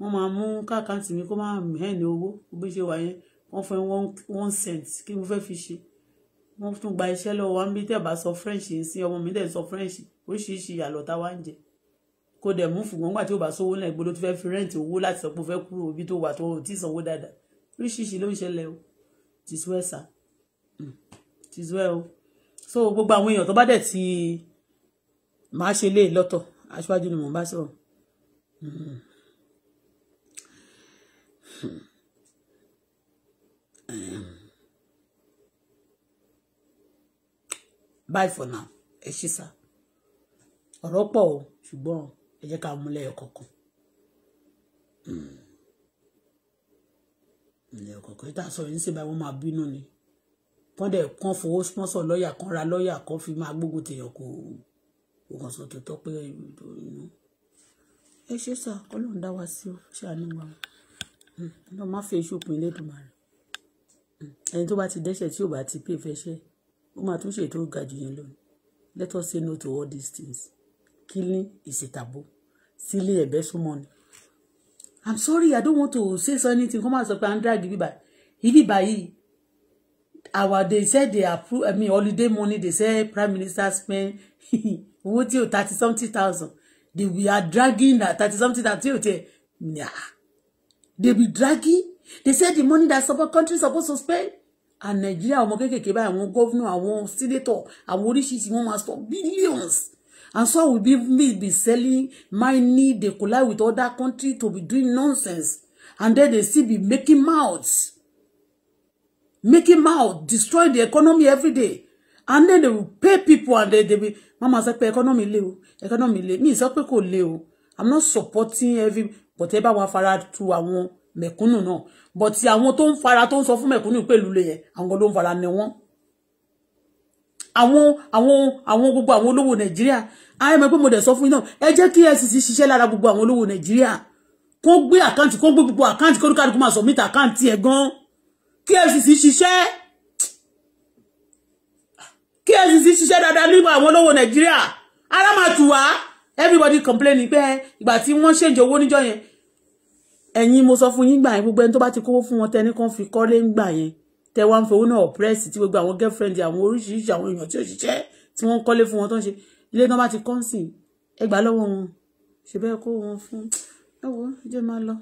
wọ́n máa mú káàkáǹtì mi kó máa hẹ́n ní owó bí ṣe wà yẹn wọ́n fẹ́ one cent kí mo fẹ́ fi ṣe wọ́n tún gba iṣẹ́ lọ́wọ́ wa ń bí tẹ̀ bá sọ french ń sin ọmọ mi tẹ̀ sọ french oríṣiríṣi ìyàlọ́ta wá ń jẹ kó dẹ̀ mú fùgbọ́n gbà tí ó bá sówó náà ìgbóló tó fẹ́ fi rẹ́ǹtì owó láti sọ pé ó fẹ́ kúrò ibi tó wà tó ti sanwó dáadáa oríṣiríṣi ló ń ṣẹlẹ̀ o tìṣúẹ́ sà tìṣúẹ́ o so gbogbo àwọn èèyàn tó bá dẹ̀ ti máa ṣe lé lọ́tọ̀ aṣáájú ni mò ń bá sọ̀rọ̀. Hmm. Hmm. bye for now ẹ ṣí sá ọ̀rọ̀ pọ̀ o ṣùgbọ́n ẹ jẹ́ ká mú lẹ́yọ kọ̀ọ̀kan hmm. lẹ́yọ kọ̀ọ̀kan ìta sọ yìí ń sèbáyé wọ́n máa bínú ni kán dẹ̀ kán fowó sponsor lọ́ọ̀yà kán ra lọ́ọ̀yà kán fi máa gbógun tèèyàn kò kò kàn sọ tòótọ́ pé ẹ ṣe sá kọ́ ló ń dá wa sí o ṣàánú ọlọ́run má fi èṣù pin lẹ́dùnmarè ẹni tó bá ti dẹ́ṣẹ̀ tí ò bá ti pè fẹ́ṣẹ̀ ó máa tún ṣètò ga jù yẹn lọ let us say no to all these things killing is a taboo stealing ẹ̀bẹ́ súnmọ́ ni i'm sorry i don't want to say anything kó má sọ pé i'm drag ibíbà ibíbà yìí our they said they approve i mean holiday money they say prime minister spend [laughs] owó tí o thirty something thousand they we are dragging that thirty something thousand tí o tẹ yeah they be dragging they say the money that support countries supposed to spend and Nigeria ọmọ kékèké báyìí àwọn governor àwọn senator àwọn oríṣiríṣi wọn máa sọ billions and so we be we be selling mining They collide with other country to be doing nonsense and then they still be making mouths making mouths, destroy the economy every day and then they will pay people and they they be mama sọ pé economy le economy le Me sọ pé kò le i'm not supporting every bọ̀tẹ́ ba wa fara tu àwọn mẹ̀kúnnù náà bọ̀tí àwọn tó ń fara tó ń sọ fún mẹ̀kúnnù pẹ̀lú lè yẹn awon kan ló ń fara ni wọ́n àwọn àwọn àwọn gbogbo àwọn olówó nàìjíríà ayé mọ̀ pé mo dẹ̀ sọ fún yín náà ẹ jẹ́ kí efcc ṣiṣẹ́ lára gbogbo àwọn olówó nàìjíríà kó gbé àkáǹtì kó gbé gbogbo àkáǹtì kó dúkàdúkú máa submit àkáǹtì ẹ̀ gan kí efcc ṣiṣẹ́ kí efcc ṣiṣẹ́ dáadáa nígbà àwọn olówó nàìjíríà ara máa tù wá everybody complaining pé ìgbà tí wọ́n change owó níjọ yẹn ẹ̀yin mo sọ fún yín gbà yẹn gbogbo ẹni tó bá ti kówó fún wọn tẹni kan fi kọ́lé ń gbà yẹn tẹ wá ń fowó oppress tí gbogbo àwọn girlfriend àwọn oríṣiríṣi àwọn èèyàn tí òṣìṣẹ́ tí wọ́n kọ́lé fún wọn tó ń ṣe ilé náà bá ti kọ́ńsìn ẹgbàá lọ́wọ́ wọn ṣe bẹ́ẹ̀ kó wọn fún ẹ̀wọ̀ ẹjẹ́ máa lọ